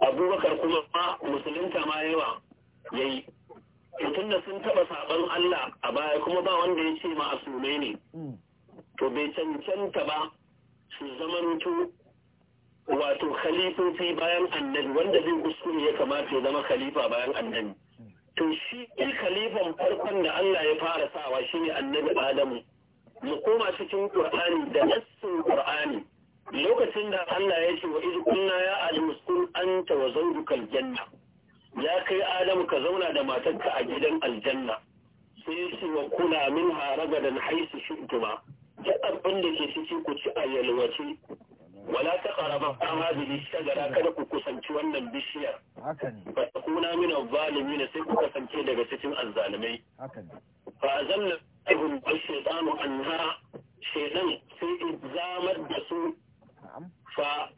S2: abubakar kuma ma musulunta ma yawa ya yi tun da sun taɓa saɓon allah a baya kuma ba wanda ya ce ma asumai ne hmm. to bai cancanta ba su zamanto wato khalifofi bayan annabi wanda zai kuskure ya kamata ya zama khalifa bayan annabi to shi khalifan farkon da Allah ya fara sawa shine annabi Adamu mu koma cikin Qur'ani da nassin Qur'ani lokacin da Allah ya ce wa iz kunna ya adamu kun anta wa zawjuka aljanna ya kai Adamu ka zauna da matarka a gidan aljanna sai ya ce wa kula min haraga da haisu shintuma da abin da ke ciki ku ci a yalwace wala ta karaba an hadiri shagara kada ku kusanci wannan bishiyar ba ta kuna mina zalimi na sai ku kasance daga cikin azzalimai fa azalla ibn shaytanu anha shaytan sai zamar da su fa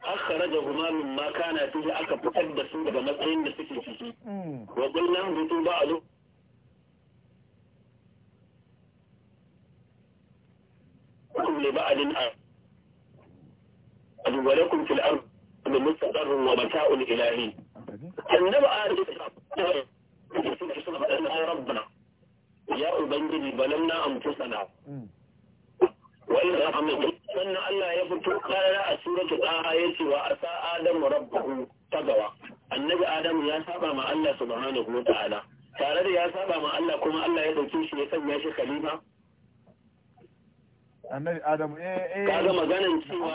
S2: gumamin mimma kana fihi aka fitar da su daga matsayin da suke ciki hmm. wa qulna bitu ba'du كل بعد أن ولكم في الأرض من مستقر ومتاع إلهي النبأ ربنا يا أبنجي بلمنا أنفسنا وإذا أمنت أن الله يفتو قال سورة الآية وأسى آدم ربه تقوى النبي آدم يا سابع مع الله سبحانه وتعالى tare da ya saba ma Allah kuma Allah ya dauke shi ya sanya shi khalifa
S1: annabi adamu eh eh kaga maganan
S2: cewa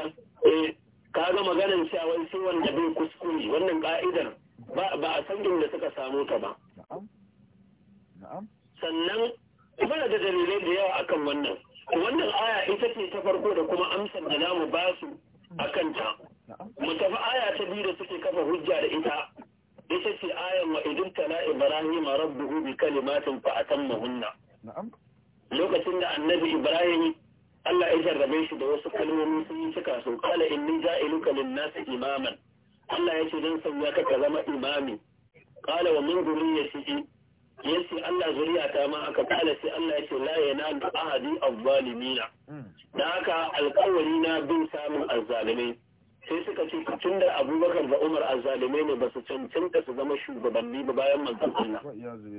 S2: eh kaga maganan cewa wai wanda bai kuskure wannan ka'idar ba ba a san da suka samu ta ba na'am na'am sannan muna da dalilai da yawa akan wannan wannan aya ita ce ta farko da kuma amsar da namu ba su akan ta mu tafi aya ta biyu da suke kafa hujja da ita ita ce ayan wa idin Tana ibrahim rabbuhu bi kalimatin fa atamma hunna lokacin da annabi ibrahim Allah ya jarrabe shi da wasu kalmomi sun yi cika su kala inni ja'iluka lin-nasi imaman Allah ya ce zan sanya ka ka zama imami kala wa min zuriyati yace Allah zuriya ta ma aka kala sai Allah ya ce la yanalu ahadi az-zalimina dan haka alƙawari na bin samun azzalimai sai suka ce tunda abubakar da umar azzalimai ne ba su cancanta su zama shugabanni ba bayan manzon Allah yanzu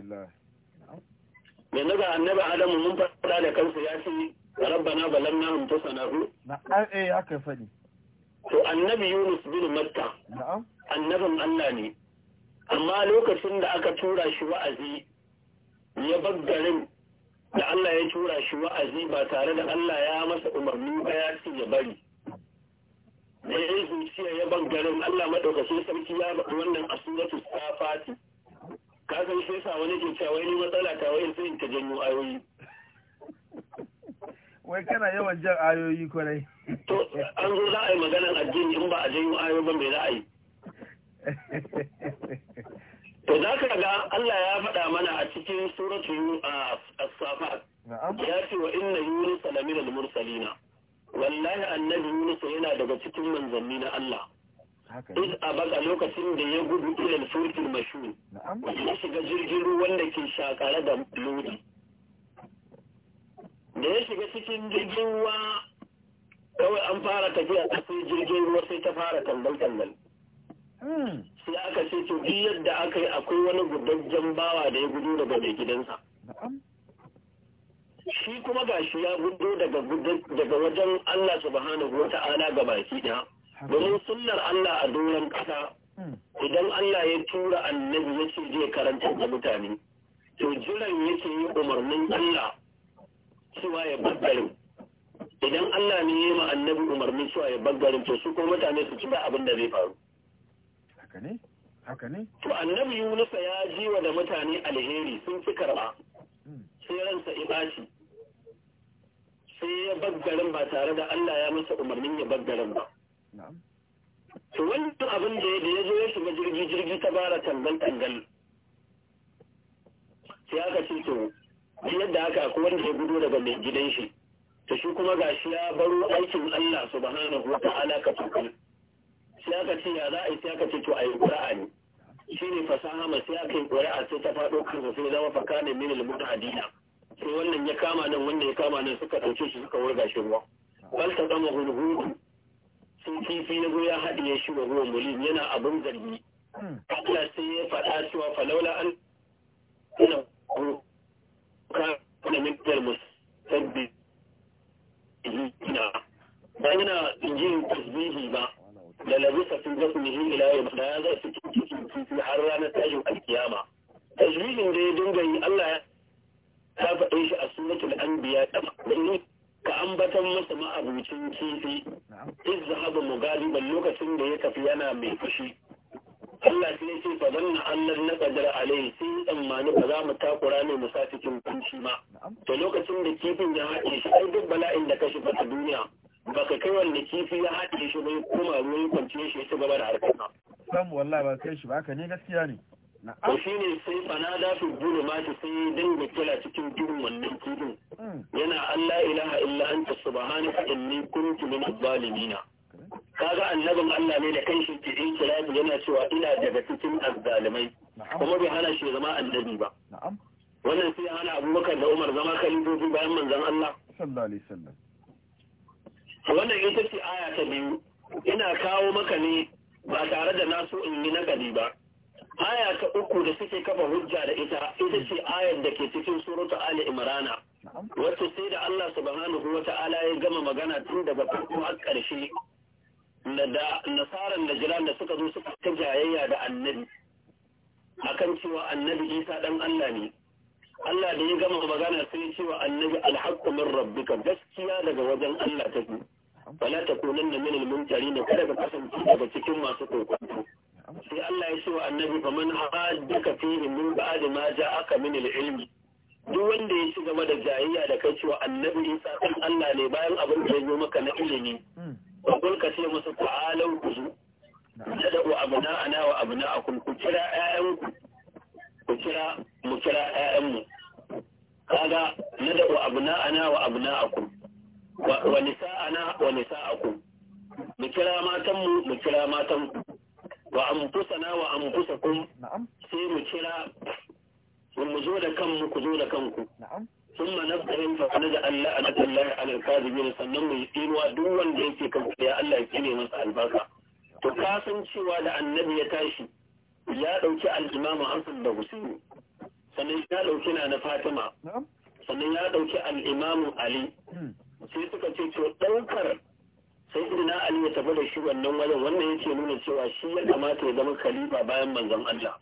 S2: ga annabi adamu mun faɗa da kansa ya ce rabbana balamna anfusana hu
S1: na'am eh
S2: to annabi Yunus bin Matta na'am annabin Allah ne amma lokacin da aka tura shi wa'azi ya bar garin da Allah ya tura shi wa'azi ba tare da Allah ya masa umarni ba ya ya bari da ya yi zuciya ya bar garin Allah maɗaukacin sarki ya faɗi wannan a suratu safati ka san shi yasa wani ke cewa wani matsala ta wai sai ta janyo ayoyi
S1: wai kana yawan jan ayoyi kwarai to an
S2: zo za a yi maganar addini in ba a janyo ayoyi ba mai za a yi to za ka ga Allah ya faɗa mana a cikin suratu a safat ya ce wa inna yunus lamina mursalina wallahi annabi yunus yana daga cikin manzanni na Allah Duk a baka lokacin da ya gudu ilal furtul mashu ya shiga jirgin ruwan da ke shakare da lodi da ya shiga cikin jirgin ruwa kawai an fara tafiya a sai jirgin ruwa sai ta fara tambal-tambal hmm. sai aka ce to duk yadda aka yi akwai wani gudajjen bawa da ya gudu daga mai gidansa shi kuma gashi ya gudu daga wajen Allah subhanahu wa ta'ala ga baki da domin sunnar Allah a doron kasa hmm. idan Allah ya tura annabi ya ce zai karanta da mutane to jiran yake yi umarnin Allah cewa ya baggarin idan Allah ne yi ma annabi umarni cewa ya baggarin to su ko mutane su ci da abin da zai faru
S3: haka ne haka ne
S2: to annabi Yunus ya ji wa da mutane alheri sun fi karba hmm. sai ransa ibashi sai ya baggarin ba tare da Allah ya masa umarnin ya baggarin ba to wannan abin da ya zo ya shiga jirgi jirgi ta bara tangal tangal sai aka ce to yadda aka akwai wanda ya gudu daga mai gidan shi ta shi kuma gashi ya baro aikin Allah subhanahu wata'ala ka tukun sai aka ce ya za a yi sai aka ce to a yi ƙura'a ne shi ne fasaha ma sai aka yi ƙura'a sai ta faɗo kansa sai zama faka ne min al hadina sai wannan ya kama nan wanda ya kama nan suka ɗauke shi suka wurga shi ruwa bal ta zama hulhudu sun kifi na goya haɗiye shi wa ruwan mulin yana abin zargi hmm. Allah sai ya faɗa cewa falaula an
S1: haka ne gaskiya ne to shi
S2: ne sai fanada su gudu ma su sai da kira cikin duhun wannan kudin hmm. yana Allah ilaha illa anta subhanaka inni kuntu min zalimina kaga annabin Allah ne da kanshi ke yin kirabi yana cewa ina daga cikin azzalimai kuma bai hana shi zama annabi ba wannan sai hana Abubakar da Umar zama khalifofi bayan manzon Allah
S1: sallallahu alaihi wasallam
S2: wannan ita ce aya ta biyu ina kawo maka ne ba tare da nasu in yi nagari ba aya ta uku da suke kafa hujja da ita ita ce ayar da ke cikin suratu ali imrana wacce sai da Allah subhanahu wa ta'ala ya gama magana tun daga farko har ƙarshe da nasaran da jiran da suka zo suka ta jayayya da annabi akan cewa annabi isa dan Allah ne Allah da ya gama magana sai ya cewa annabi alhaqqu min rabbika gaskiya daga wajen Allah take fala takunanna min al ne, kada ka kasance daga cikin masu kokonto sai Allah ya ce wa annabi faman haddaka fihi min ba'd ma ja'aka min al-ilmi duk wanda ya ci gaba da jayayya da kai cewa annabi Isa kan Allah ne bayan abin da ya yi maka na ilimi ko kun ka ce musu ta'alau kuzu tad'u abna'ana wa abna'akum ku kira ƴaƴanku ku kira mu kira ƴaƴanmu kaga nad'u abna'ana wa abna'akum Wani sa'a na, wani sa'a ku? mu kira matanmu mu kira matanku wa an anfusana wa anfusakum sai mu kira mu zo da kanmu ku zo da kanku na ثم نبتهم فنجا ان لعنه الله على الكاذبين sannan mu yi tsinuwa duk wanda yake kan ya Allah ya ne masa albarka to ka san cewa da annabi ya tashi ya ɗauki al-imamu Hassan da Husaini sannan ya ɗauki na na Fatima sannan ya ɗauki al Ali hmm. sai suka ce to ɗaukar sai idina ali ya tafi da shi wannan wajen wannan yake nuna cewa shi ya kamata ya zama kalifa bayan manzon Allah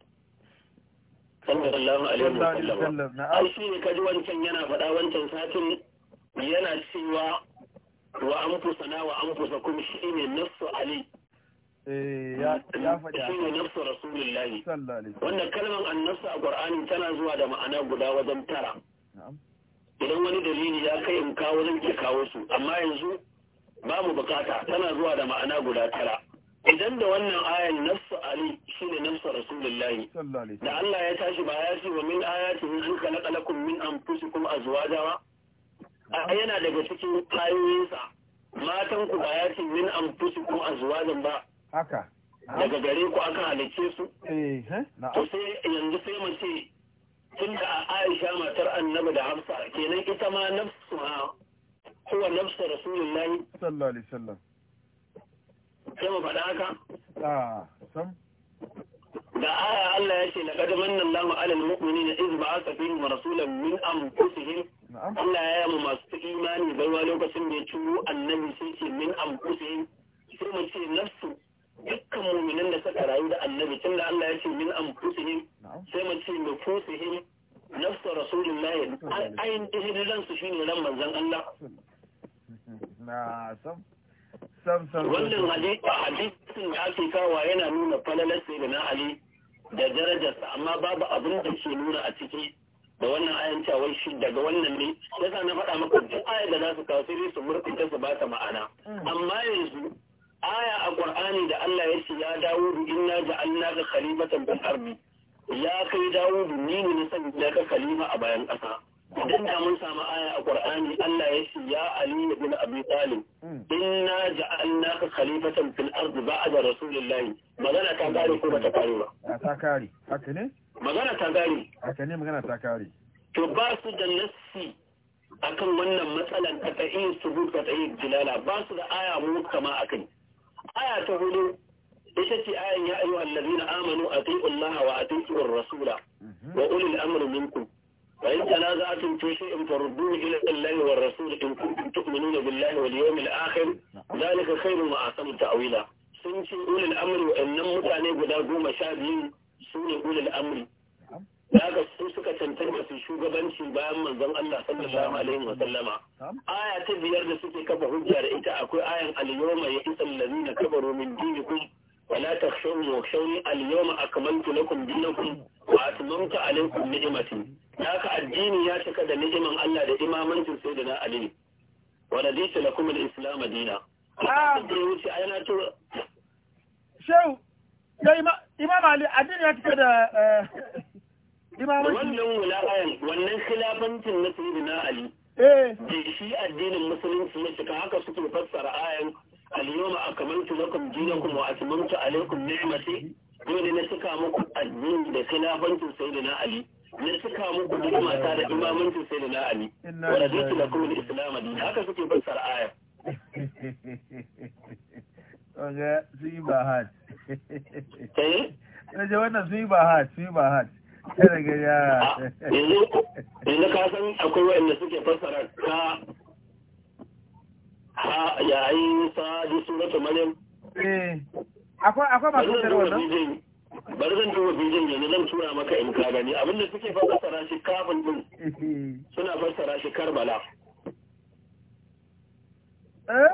S2: sallallahu alaihi wa sallam ai shi ne kaji wancan yana faɗa wancan satin yana cewa wa anfusana wa kuma shi ne nafsu ali eh,
S1: ya faɗi shi ne nafsu
S2: rasulullahi wannan kalmar annafsu a qur'ani tana zuwa da ma'ana guda wajen tara idan wani dalili ya kai in kawo zan ke kawo su amma yanzu babu bukata tana zuwa da ma'ana guda tara idan da wannan ayan nafsu ali shine nafsu rasulullahi da Allah ya tashi ba ya ce wa min ayatihi an kala kun min anfusikum azwaja wa yana daga cikin ayoyinsa matan ku ba ya ce min anfusikum azwajan ba daga gare ku aka halicce su
S1: eh, eh, eh, to
S2: sai yanzu sai mace tunda a Aisha matar Annabi da Hafsa kenan ita ma nafsu ha huwa nafsu Rasulullahi
S1: sallallahu alaihi wasallam
S2: sai mu faɗa haka
S1: a sam
S2: da aya Allah ya ce laqad manna Allahu 'alal mu'minina iz ba'atha fihim rasulan min anfusihim Allah ya yi masu imani baiwa lokacin da ya ciwo annabi sai ce min anfusihim sai mu ce nafsu dukkan muminan da suka rayu da annabi tun da Allah ya ce min anfusihim sai mu ce nufusihim nafsu rasulullahi ayin dihin ran su shine ran manzon Allah
S1: na sam sam sam wannan hadisin
S2: da ake kawa yana nuna falalar na Ali da darajarsa amma babu abin da ke nuna a ciki da wannan ayan wai shi daga wannan ne yasa na faɗa maka duk da za su kawo sai su murƙunta su ba ta ma'ana mm. amma yanzu aya a qur'ani da Allah ya ce ya dawudu inna ja'alnaka khalifatan fil ardi ya kai dawudu ni ne na da ka khalifa a bayan ƙasa idan da mun samu aya a qur'ani Allah ya ce ya ali bin abi talib inna ja'alnaka khalifatan fil ardi ba'da rasulillahi magana ta kare ko ba ta kare
S1: ba ta kare haka ne
S2: magana ta kare
S1: haka ne magana ta kare
S2: to ba su da nassi akan wannan matsalan ta ta'in subut ta ta'in jilala ba su da aya mu kama akai aya ta hudu ita ce ayan ya ayyuha allazina amanu atiiu allaha wa atiiu rasula wa ulil amri minkum fa in tanaza'tum fi shay'in farudduhu ila allahi war rasul in kuntum tu'minuna billahi wal yawmil akhir dhalika khayrun wa ahsanu ta'wila sun ce ulil amri wa'annan mutane guda goma sha biyu su ne ulil amri daga su suka cancanta su shugabanci bayan manzon Allah sallallahu alaihi wa sallama aya ta biyar da suke kafa hujja da ita akwai ayan al-yawma ya'isal ladina kabaru min dinikum ولا al-yawma akmaltu lakum dinakum wa atmamtu alaykum ni'mati ذاك addini ya تكا da ni'iman Allah da imamancin na Ali wa radita lakum al-islam dina ah.
S1: Shehu, imam Ali, addini ya cika da eh, wannan wula'ayan wannan
S2: khilafancin na sayyidina ali eh. da shi addinin musulunci ya cika haka suke fassara ayan al-yawma akmaltu lakum dinakum wa atmamtu alaykum ni'mati dole na cika muku addini da khilafancin sayyidina ali na cika muku ni'mata da imamancin sayyidina ali wa raditu lakum al-islam din haka suke fassara ayan
S1: Oga, sun yi ba hat. Eh? Raja wannan sun yi ba hat, sun yi ba hat. yanzu ka
S2: san akwai waɗanda suke fassara ka ha yayin sa ji suratu maryam
S1: eh akwai akwai masu fassara wannan
S2: bari zan duba bidiyon yanzu zan tura maka in ka gani abinda suke fassara shi kafin din suna fassara shi karbala eh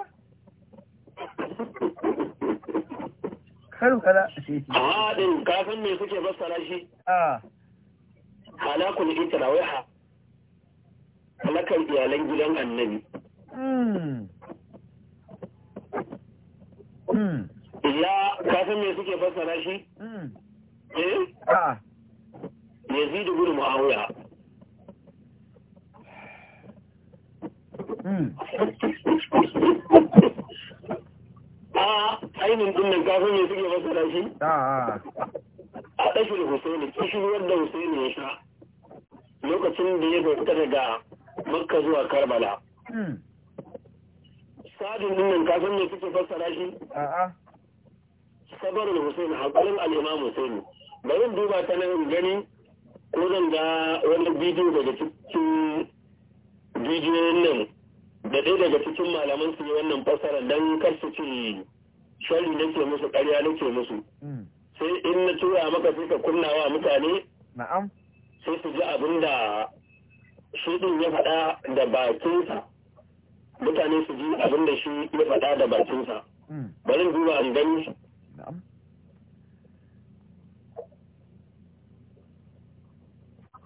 S1: karbala a haɗin
S2: kafin me suke fassara shi ah. halakul ita wai ha halakan iyalan gidan annabi
S1: ya
S3: hmm.
S2: hmm. kafin me suke fassara shi hmm. eh yazid ibn muawiya a ainihin dinnan kafin me suke fassara shi a ɗashin Hussaini, kishin wanda Hussaini ya sha lokacin da ya fita daga makka zuwa karbala hmm. sadin dinnan kasan mai kuke fassara shi a'a sabarul husain hakurin al-imam husaini bari duba ta nan gani ko zan ga wani bidiyo daga cikin bidiyoyin nan da ɗaya daga cikin malaman su yi wannan fassara dan kar su ce shari nake musu ƙarya nake musu hmm. sai in na tura maka sai ka kunna wa mutane na'am sai su ji abin da shi din ya faɗa da bakinsa mutane su ji abin da shi ya faɗa da bakinsa bari duba an gani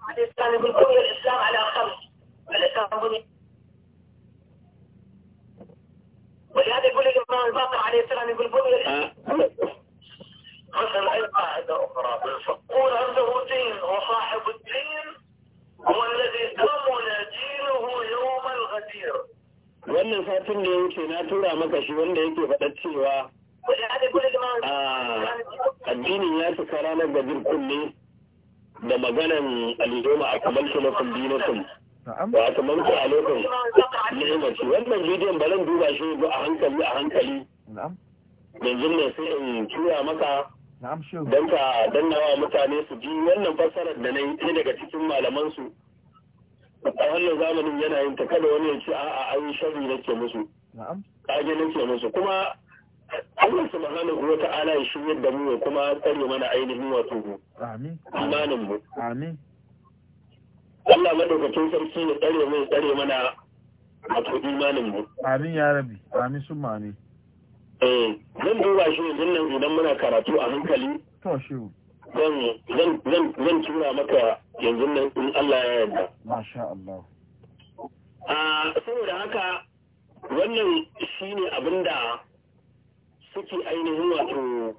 S4: يقول بني الإسلام على خمس ولهذا يقول الإمام الباقر عليه السلام يقول بني الإسلام مثل أي قاعدة أخرى قول عنده دين وصاحب الدين
S2: wannan satin da ya wuce na tura maka shi wanda yake faɗa cewa
S4: ah, addinin
S2: ya cika ranar gajin kulle da maganan alidoma a kamar su na kun ba a kamar su a lokacin wannan bidiyon ba zan duba shi a hankali a hankali yanzu ne sai in tura maka
S1: don
S2: ta dannawa mutane su ji wannan fassarar da na yi ɗaya daga cikin malamansu a wannan zamanin yana yin ta kada wani ya a a'a an yi sharri nake musu kage nake musu kuma Allah subhanahu wa ta'ala ya shiryar da mu ya kuma tsare mana ainihin wato mu imanin mu Allah madaukakin sarki ya tsare mu ya tsare mana wato imanin mu
S1: amin ya amin
S2: Eh, zan duba shi yanzu idan muna karatu a hankali zan tura maka yanzu nan in Allah ya yarda
S3: masha Allah
S2: a ah, saboda haka wannan shine da suke ainihin wato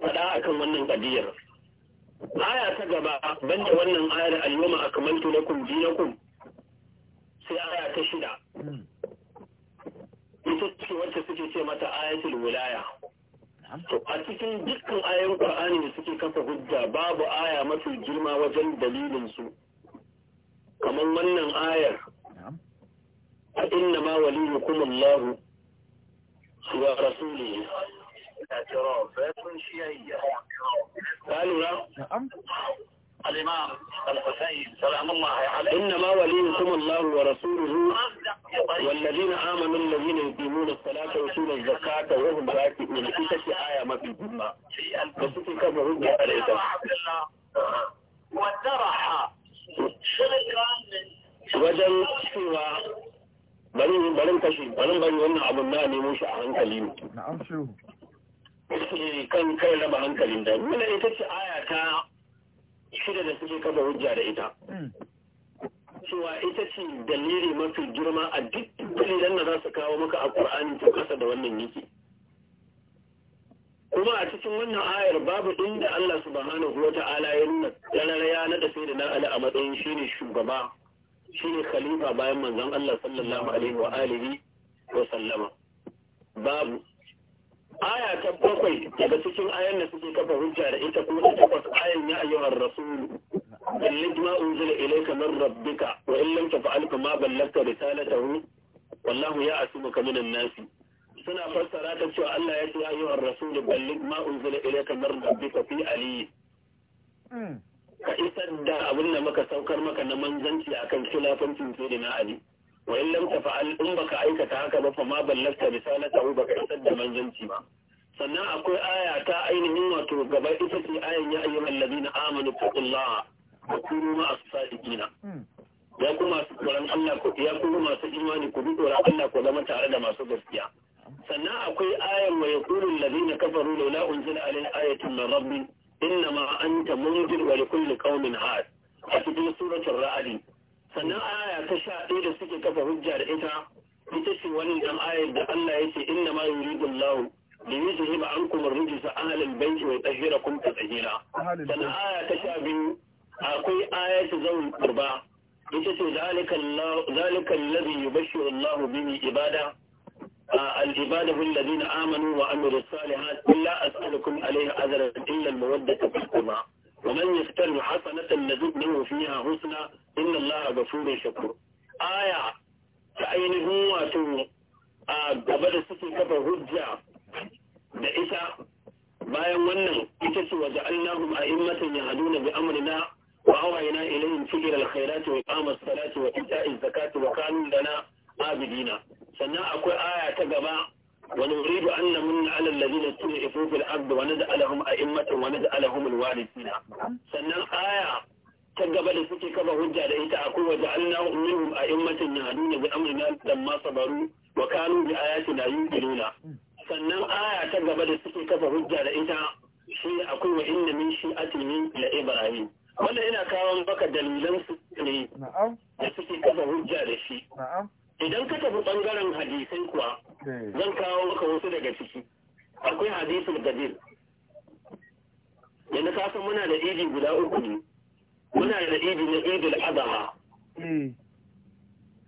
S2: faɗa akan wannan kadiyar aya ta gaba banda wannan ayar al-yawma akmaltu lakum dinakum sai aya ta shida hmm. ita ce wacce suke ce mata ayatul wilaya to a cikin dukkan ayoyin qur'ani da suke kafa hujja babu aya mafi girma wajen dalilin su kamar wannan ayar a inna ma waliyukum Allah
S6: wa rasuluhu
S2: ta lura الإمام الحسين سلام الله عليه إنما وليكم الله ورسوله والذين آمنوا الذين يقيمون الصلاة ويؤتون الزكاة وهم راكبون في تلك آية ما في الجنة وسكي كما هجة عليكم
S4: وترح
S2: wajen cewa bari barin kashi barin bari wannan abun na nemo shi a hankali ne na'am shehu kan kai raba hankalin da wannan ita ce aya ta shida da suke kafa hujja da ita hmm. cewa ita ce dalili mafi girma a duk dalilan da za su kawo maka a ƙur'ani ta kasa da wannan yake kuma a cikin wannan ayar babu inda Allah subhanahu wa ta'ala ya nuna ranar ya naɗa sai da na'ala a matsayin ne shugaba shi ne khalifa bayan manzon Allah sallallahu alaihi wa alihi wa sallama babu aya ta bakwai daga cikin ayan da suke kafa hujja da ita kuma ta takwas ayan ya ayyuhar rasul ballig ma unzila ilayka min rabbika wa in lam taf'al fa ma ballagta risalatahu wallahu ya min an-nas suna fassara ta cewa Allah ya ce ya ayyuhar rasul ballig ma unzila ilayka min rabbika fi ali hmm. ka isar da abin da maka saukar maka na manzanci akan khilafancin sayyidina ali wa in lam tafa'al baka aikata haka ba fa ma ballagta risalatahu baka isar da manzanci ba sannan akwai aya ta ainihin wato gaba ita ce ayan ya ayyuhal ladina amanu taqullaha wa kunu ma'as sadiqina ya ku ya ku masu imani ku bi tsoron Allah ku zama tare da masu gaskiya sannan akwai ayan wa yaqulu alladhina kafaru laula unzila alayhi ayatun min rabbi innama anta munzir wa had a cikin sannan aya ta sha ɗaya da suke kafa hujja da ita ita ce wani dan ayar da Allah ya ce inna ma yuridu Allah li yuzhiba ankum ar-rijsa ahla al-bayt wa yutahhirakum tatheera
S1: sannan aya
S2: ta sha biyu akwai ayatu zawul qurba ita ce zalika Allah zalika alladhi yubashshiru Allah bihi ibada العباد الذين آمنوا وعملوا الصالحات إلا أسألكم عليه أجرا إلا fi في القربى ومن يفتر حسنة نزد له فيها حسنى إن الله غفور شكور آية تعينه واتو قبل سكي كفا هجة بإسا bayan wannan ita ce waje Allahum a immatan ya haduna bi amrina wa awayna ilayhim fi'l alkhairati wa iqamas salati wa ita'iz wa abidina sannan akwai aya ta gaba ونريد أن نمن على الذين استضعفوا في الأرض ونجعلهم أئمة ونجعلهم الوارثين سنن آية تقبل سكي كما هجا لإيتا أقول وجعلناهم منهم أئمة يهدون بأمرنا لما صبروا وكانوا بآياتنا يوقنون sannan aya ta gaba da suke kafa hujja da ita shi akwai wa inna min ibrahim wannan ina kawo maka dalilan ne da suke kafa hujja da shi idan ka tafi bangaren hadisai kuwa
S3: Eh.
S5: zan
S2: kawo maka wasu daga ciki akwai hadisul gadir yanzu ka san muna da idi guda uku ne muna da idi na idul adama
S1: eh.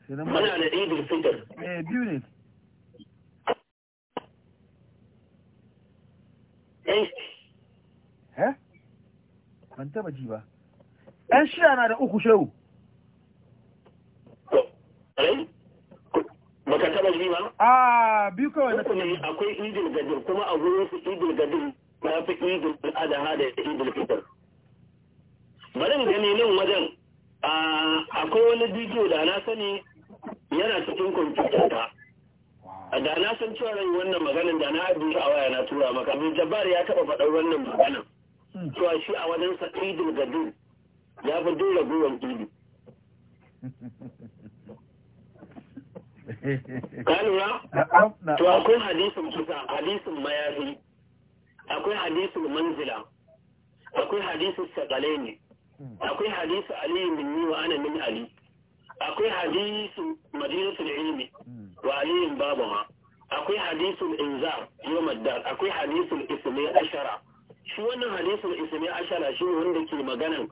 S1: muna da idul fitr eh, biyu eh ban taba ji ba ɗan shida na da
S6: uku shehu
S2: ba a biyu kawai na ne akwai idil gadir kuma a gurin su idil gadir na fi idil adaha da idil fitar bari gani nan wajen akwai wani bidiyo da na sani yana cikin kwamfuta ta da na san cewa rai wannan maganin da na abu a waya na tura maka bin jabbar ya taba faɗar wannan maganin hmm. cewa shi a wajen sa idil gadir
S3: ya fi dole gwiwan idil
S2: ka lura to akwai hadisin kusa hadisin mayafi akwai hadisin manzila akwai hadisin sakale ne akwai hadisin aliyu minni wa ana min ali akwai hadisin madinatul ilmi wa aliyun babu ma akwai hadisul inza, yawmal dar akwai hadisul ismi ashara shi wannan hadisul ismi ashara shi ne wanda ke maganan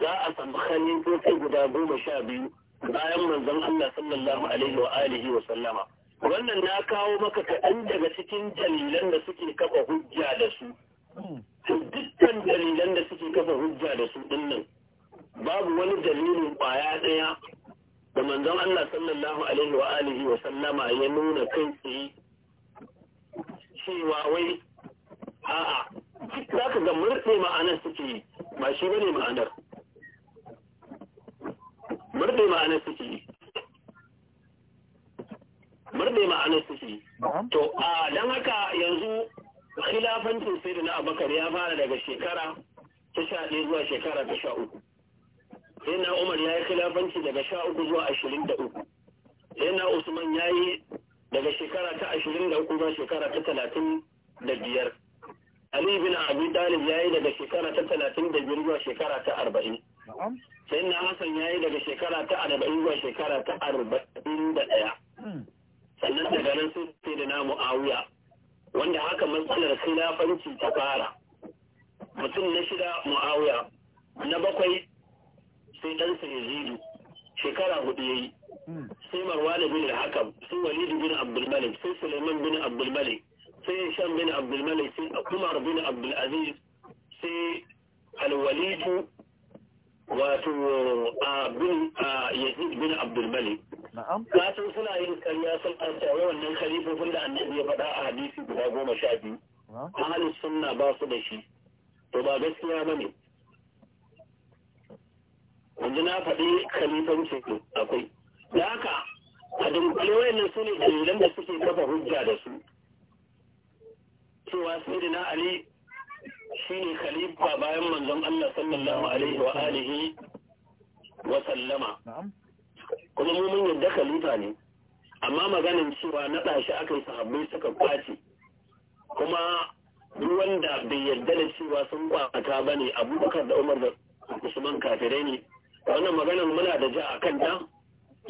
S2: za a samu khalin guda goma sha biyu bayan manzon Allah sallallahu alaihi wa alihi wa sallama wannan na kawo maka kaɗan daga cikin dalilan da suke kafa hujja da su dukkan dalilan da suke kafa hujja da su dinnan babu wani dalilin ƙwaya ɗaya da manzon Allah sallallahu alaihi wa alihi wa sallama ya nuna kai tsaye cewa wai a'a duk ga murɗe ma'anar suke ba shi bane ma'anar murde ma'anar suke yi murde ma'anar suke yi to a don haka yanzu khilafancin sai da na abakar ya fara daga shekara ta sha ɗaya zuwa shekara ta sha uku sai na umar ya yi khilafanci daga sha uku zuwa ashirin da uku sai na usman ya yi daga shekara ta ashirin da uku zuwa shekara ta talatin da biyar ali bin abi dalib ya yi daga shekara ta talatin da biyar zuwa shekara ta arba'in sai na hasan ya yi daga shekara ta arba'in zuwa shekara ta arba'in da ɗaya hmm. sannan daga nan sun sai da na mu'awiya wanda haka matsalar khilafanci ta fara mutum na shida mu'awuya. na bakwai sai ɗansa yazidu shekara hudu ya yi hmm. sai marwana bin haka hakam sai walidu bin abdulmalik sai suleiman bin abdulmalik sai hisham bin abdulmalik sai umar bin abdulaziz sai alwalidu wato bin yazid bin abdulmalik wato suna yin karya sun an tsaye wannan khalifofin da annabi ya faɗa a hadisi guda goma sha biyu ahalin sunna ba su da shi to ba gaskiya ba ne wanda na faɗi khalifanci akwai da haka a dunkule wayannan su ne dalilan da suke kafa hujja da su cewa sai da na ali shine khalifa bayan manzon Allah sallallahu alaihi wa alihi wa sallama kuma mu mun yadda khalifa ne amma maganin cewa naɗa shi akan sahabbai suka kwace kuma duk wanda bai yarda da cewa sun kwata ba ne abubakar da umar da usman kafirai ne wannan maganar muna da ja a kanta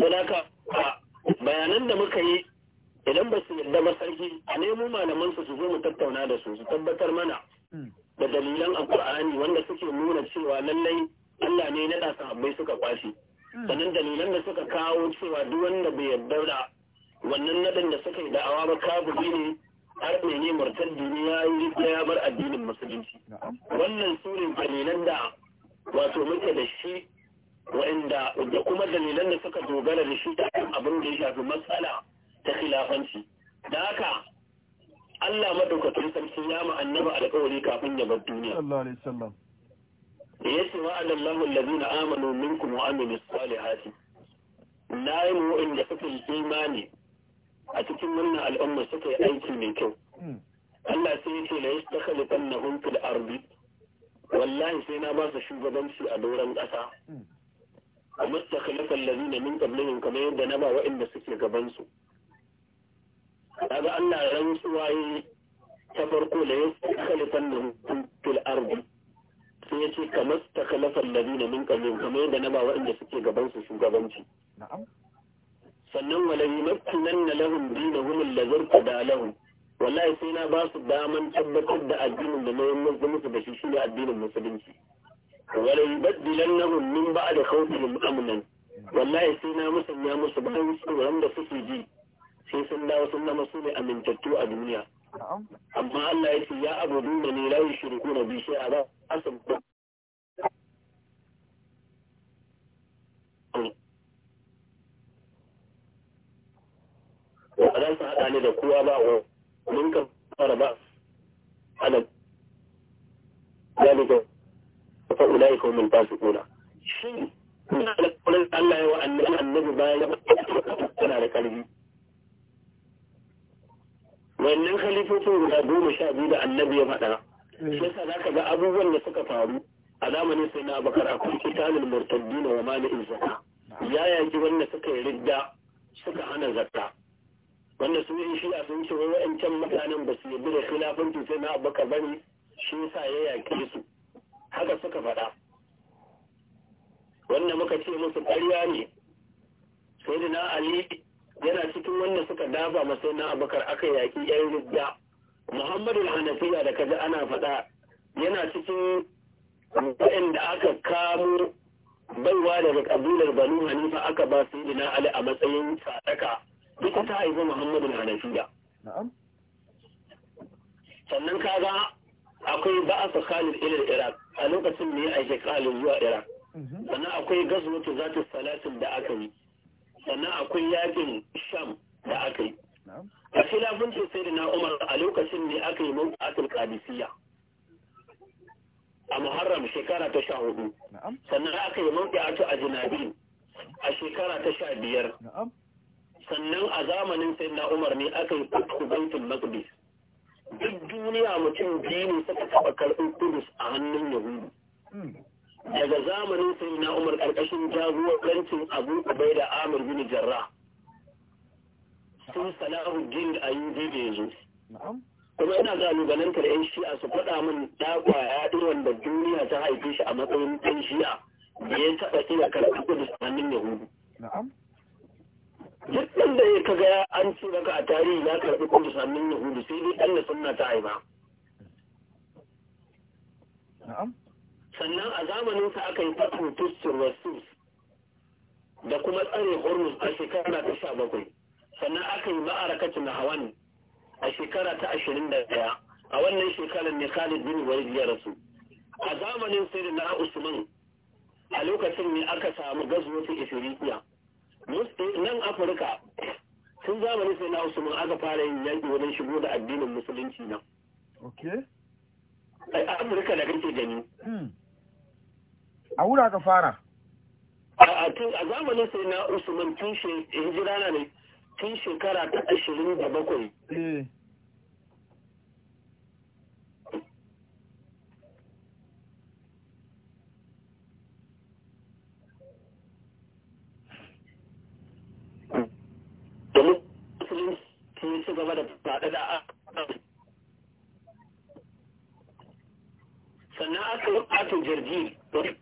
S2: sadaka bayanan da muka yi idan ba su yarda ba sarki a nemo malaman su su zo mu tattauna da su su tabbatar mana hmm. da dalilan alkur'ani wanda suke nuna cewa lallai Allah ne na ɗasa habbai suka kwashe sannan dalilan da suka kawo cewa duk wanda bai yarda da wannan naɗin da suka yi da'awa ba kafiri ne har mai ne murtaddi ne ya yi ya bar addinin musulunci wannan su ne dalilan da wato muke da shi wa'inda da kuma dalilan da suka dogara da shi ta abin da ya shafi matsala ta khilafanci da haka Allah madaukakin sarki ya ma annaba alƙawari kafin ya bar duniya
S1: sallallahu alaihi wasallam
S2: da yace wa Allahu allazina amanu minkum wa amilus salihati na yi mu inda suka yi imani a cikin wannan al'umma suka yi aiki mai kyau hmm. Allah sai ya ce la yastakhlifannahum fil ardi wallahi sai na ba su shugabanci a doron ƙasa hmm. a mustakhlifal ladina min qablihim kamar yadda na ba waɗanda suke gaban su kaga Allah rantsuwa yi ta farko da ya khalifan da fil ardi sai ya ce kamar ta da ladina min qablihim kamar yadda na ba waɗanda suke gaban su shugabanci sannan walan yumakkinanna lahum dinahum allazir qada lahum wallahi sai na ba su daman tabbatar da addinin da nayin musu da shi shine addinin musulunci walan yubaddilannahum min ba ba'da khawfihim amnan wallahi sai na musanya musu bayan tsoron da suke ji sai sun dawo sun zama su ne amintattu a duniya amma Allah ya ce ya abu duna ne la shirku na bishe a ba asan ba wa adan sa ne da kowa ba wa mun ka fara ba a da ana zalika fa ulaika ba su fasiquna shin kuna da Allah ya wa annabi bayan yana da ƙarfi. wannan halifofin guda goma sha biyu da annabi ya faɗa eh. shi yasa za ga abubuwan da suka faru a zamanin sai na bakar akwai kitabul murtaddina wa mali'in zakka ya yaki wanda suka yi ridda suka hana zakka wanda su yi shi a sun ce wai wa'ancan mutanen ba su yabi da khilafanci sai na abubakar bane shi yasa ya yaki su haka suka faɗa wanda muka ce musu ƙarya ne sai da na ali yana cikin wanda suka dafa masai na abakar aka yaki yan ridda muhammadu hanafiya da kaji ana faɗa yana cikin da aka kamo baiwa daga kabilar banu hanifa aka ba su ina ali a matsayin sadaka duka ta haifi muhammadu hanafiya sannan kaga akwai ba a khalid ilil iraq a lokacin da ya aike khalid zuwa iraq mhm. sannan akwai gazwatu zata salatin da aka yi sannan akwai yakin sham da aka yi a filafin sai da na umar a lokacin ne aka yi mawuƙatul kalisiya a muharram shekara ta sha hudu sannan aka yi mawuƙatu a jinabi a shekara ta sha biyar sannan a zamanin sai na umar ne aka yi fatku baitin maqdis duk duniya mutum biyu ne suka taɓa karɓar kudus a hannun yahudu hmm. daga zamanin sai na umar karkashin jagorancin abu ubai da amur bin jarra sun salahuddin da ayyubi da yanzu kuma ina da yan shi'a su faɗa min ɗakwa ya ɗi wanda duniya ta haife shi a matsayin ɗan shi'a da ya taɓa iya karɓar da yahudu duk da ya kaga an ce maka a tarihi ya karɓi kudu yahudu sai dai ɗan da sunna ta haifa sannan a zamaninsa aka yi fatu tushin wasu da kuma tsare hormuz a shekara ta sha bakwai sannan aka yi ma'arakacin na hawan a shekara ta ashirin da daya a wannan shekarar ne khalid bin walid ya rasu a zamanin sai na usman a lokacin ne aka samu gazuwar ifirikiya nan afirka tun zamanin sai na usman aka fara yin yanki wajen shigo da addinin musulunci nan a amurka da kake gani
S1: hmm. a wura aka fara
S2: a zamanin sai na usman tun hijira na ne tun shekara ta ashirin da bakwai eh. sun ci gaba da faɗi da sannan aka yi ɓatin jirgi da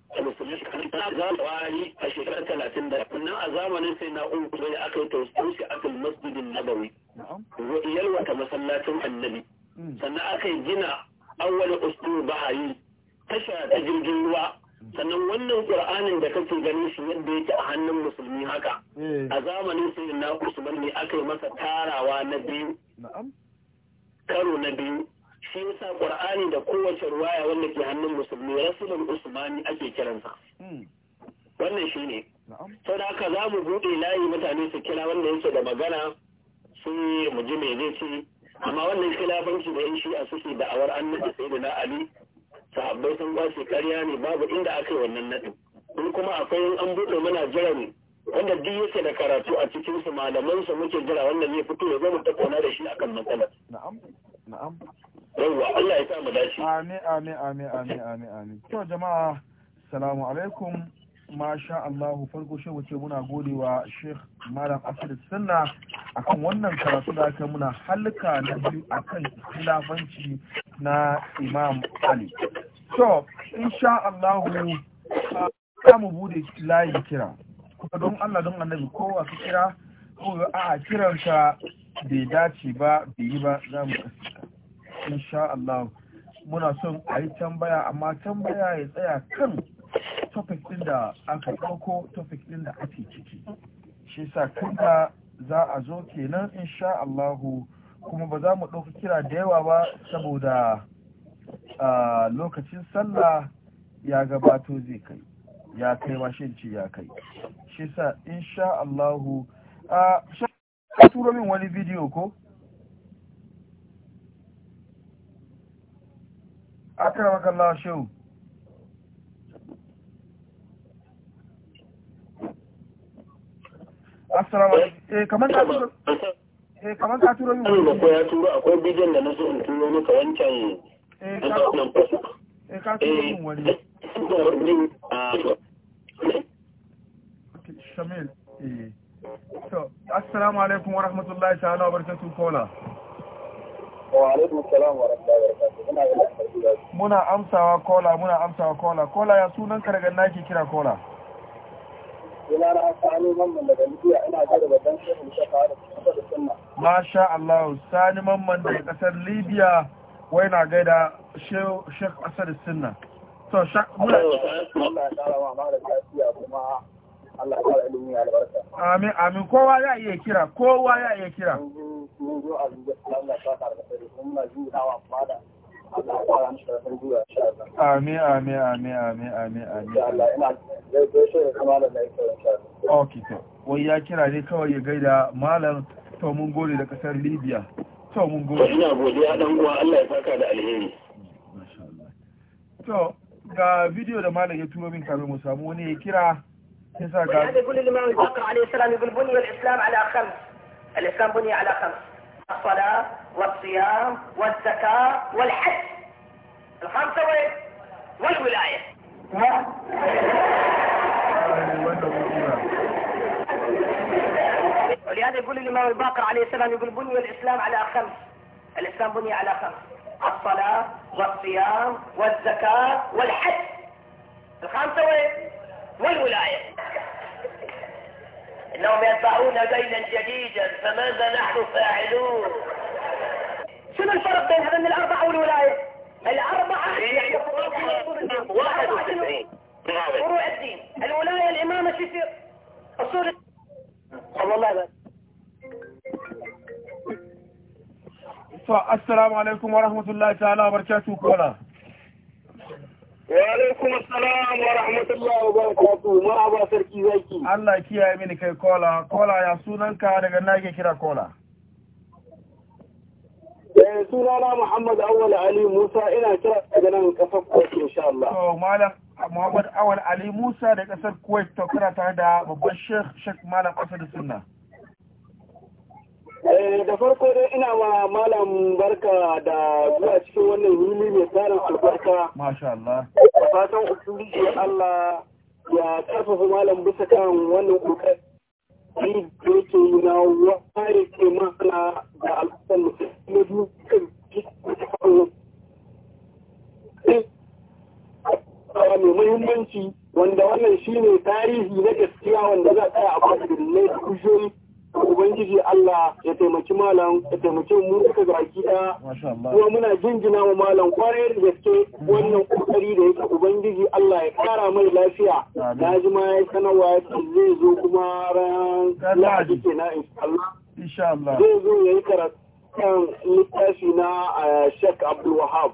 S2: a shekarar talatin da nan a zamanin sai na uku ne aka yi tausayin shi aka masjidin nabawi yalwata masallacin annabi hmm. sannan aka yi gina awwal usbu bahayi tasha ta jirgin ruwa sannan wannan qur'anin da kake ganin shi yadda yake a hannun musulmi haka eh. a zamanin sai na usman ne aka yi masa tarawa na biyu karo na biyu shi yasa ƙur'ani da kowace ruwaya wanda ke hannun musulmi rasulun usmani ake kiransa hmm. wannan shi ne sau da haka za mu buɗe layi mutane su kira wanda yake da magana yi mu ji mai zai ce amma wannan khilafanci da yan shi'a suke da'awar annabi, sai da na ali sahabbai sun karya ne babu inda aka yi wannan naɗin in kuma akwai yin an buɗe mana jira ne wanda duk yake da karatu a cikinsu, su muke jira wannan ya fito ya zo ta tattauna da shi akan matsalar na'am yawwa Allah ya mu
S1: amin amin amin amin amin amin to jama'a assalamu alaikum masha Allah farko shehu ce muna godewa Sheikh Malam Asir Sunna akan wannan karatu da aka muna halka na biyu akan khilafanci na Imam Ali. To, insha Allah za mu bude layin kira. Kuma don Allah don Annabi kowa su kira ko a kiransa bai dace ba bai yi ba za mu insha Allah muna son a yi tambaya amma tambaya ya tsaya kan topic din da aka ɗauko topic din da ake ciki shi sa kanta za a zo kenan insha Allah kuma ba za mu ɗauka kira da yawa ba saboda lokacin sallah ya gabato zai kai ya kai washin ci ya kai shi sa insha Allah ka turo min wani bidiyo ko akramaka Allah shehu assalamu alaikum eh kaman ka turo
S2: eh kaman ka turo min wani ko ya turo akwai bidiyon da na so in turo maka wancan eh ka eh, turo min wani eh,
S1: assalamu alaikum wa rahmatullahi ta'ala wa su kola wa alaikum assalam wa rahmatullahi wa barakatuh muna amsawa kola muna amsawa kola kola ya sunan ka daga naki kira kola
S2: ina na sani mamman daga Libya ina ga da babban shehu da fara da sunna
S1: masha Allah sani mamman daga kasar Libya wai na gaida shehu Sheikh da Sunna to muna Allah ya
S2: kara wa mara lafiya Allah ya ilimi albarka
S1: amin amin kowa ya iya kira kowa ya iya kira
S2: mun zo a zuwa Allah ya albarka mun na wa fada
S1: Amin, amin, amin, amin, amin, amin. to. Wai ya kira ne kawai ya gaida malam to mun gode da kasar Libya. To mun gode. Ina godiya
S2: dan uwa Allah ya saka da alheri.
S1: To, ga bidiyo da malam ya turo min kafin mu samu wani ya kira ولهذا
S4: يقول الإمام الباقر عليه السلام يقول بني الإسلام على خمس الإسلام بني على خمس الصلاة والصيام والزكاة والحج الخمسة وين والولاية ولهذا يقول الإمام الباقر عليه السلام يقول بني الإسلام على خمس الإسلام بني على خمس الصلاة والصيام والزكاة والحج الخمسة وين والولاية إنهم يدفعون دينا جديدا فماذا نحن فاعلون شنو الفرق بين هذين الأربعة والولاية الأربعة إيه. واحد فروع الدين الولاية الإمامة شو أصول والله
S1: السلام عليكم ورحمة الله تعالى وبركاته Wa'alaikun salam wa rahmatullahi wa barakatu ma ba sarki zaki. Ana kiyaye mini kai kola, kola ya sunanka daga kira kola. Eh, Muhammad Awal Ali Musa ina kira daga nan kasar Kuwait insha Allah. To malam Muhammad Awal Ali Musa da kasar Kuwait to kira tare da babban Sheikh Sheikh Malam Asad Sunna.
S6: Eh, da farko dai ina ma malam barka da zuwa cikin wannan wuri mai tsarin
S4: albarka
S1: masha Allah
S4: da fatan ubangiji Allah ya karfafa
S2: malam bisa kan wannan kokari ni da yake yi na wani ke mana da al'adar musulmi kan mai muhimmanci wanda wannan shine tarihi na gaskiya wanda za a tsaya a kwasu da ne ubangiji Allah ya taimaki malam ya taimaki mu duka baki da kuma muna jinjina wa malam kwarai da gaske mm. wannan kokari da yake ubangiji Allah ya kara mai lafiya na ji ma ya sanarwa zai zo kuma ran lahadi kenan
S1: insha Allah zai
S2: zo yayi karatu littafi na eh, Sheikh Abdul Wahab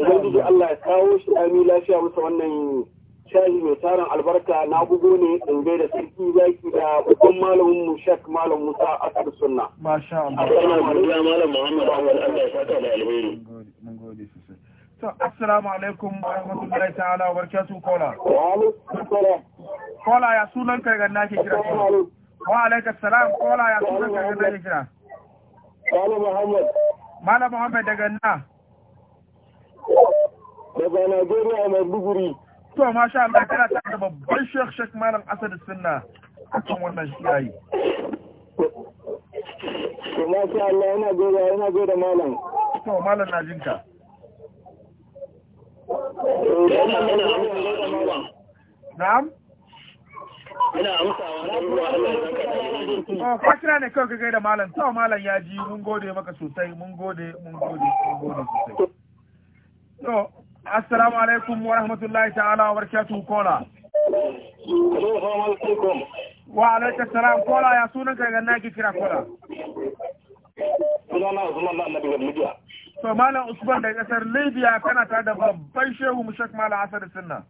S2: ubangiji Allah ya kawo shi ami lafiya masa wannan shayi mai tarin albarka na bugu ne in gai da sarki zaki da babban malamin mu malam musa asar sunna
S1: masha Allah malam muhammad da alheri mun gode sosai to assalamu alaikum wa rahmatullahi kola wa alaikum kola ya sunan kai ga kira wa alaikum kola ya sunan kai ga kira malam muhammad malam muhammad daga na daga Najeriya Maiduguri to masha Allah kana ta da babban Sheikh Sheikh Malam Asad Sunna akan wannan shiyayi to masha Allah yana gode yana gode malam to malam na jinka na'am ina amsawa da ruwa Allah ne kawai gaida malam to malam ya ji mun gode maka sosai mun gode mun gode mun gode sosai to assalamu alaikum wa rahmatullahi ta'ala wa barakatuh kola wa alaikum salam kola ya sunan ka ganna ki kira kola
S2: na usman na annabi libya
S1: to malam usman da kasar libya kana ta da babban shehu mushak malam asar sunna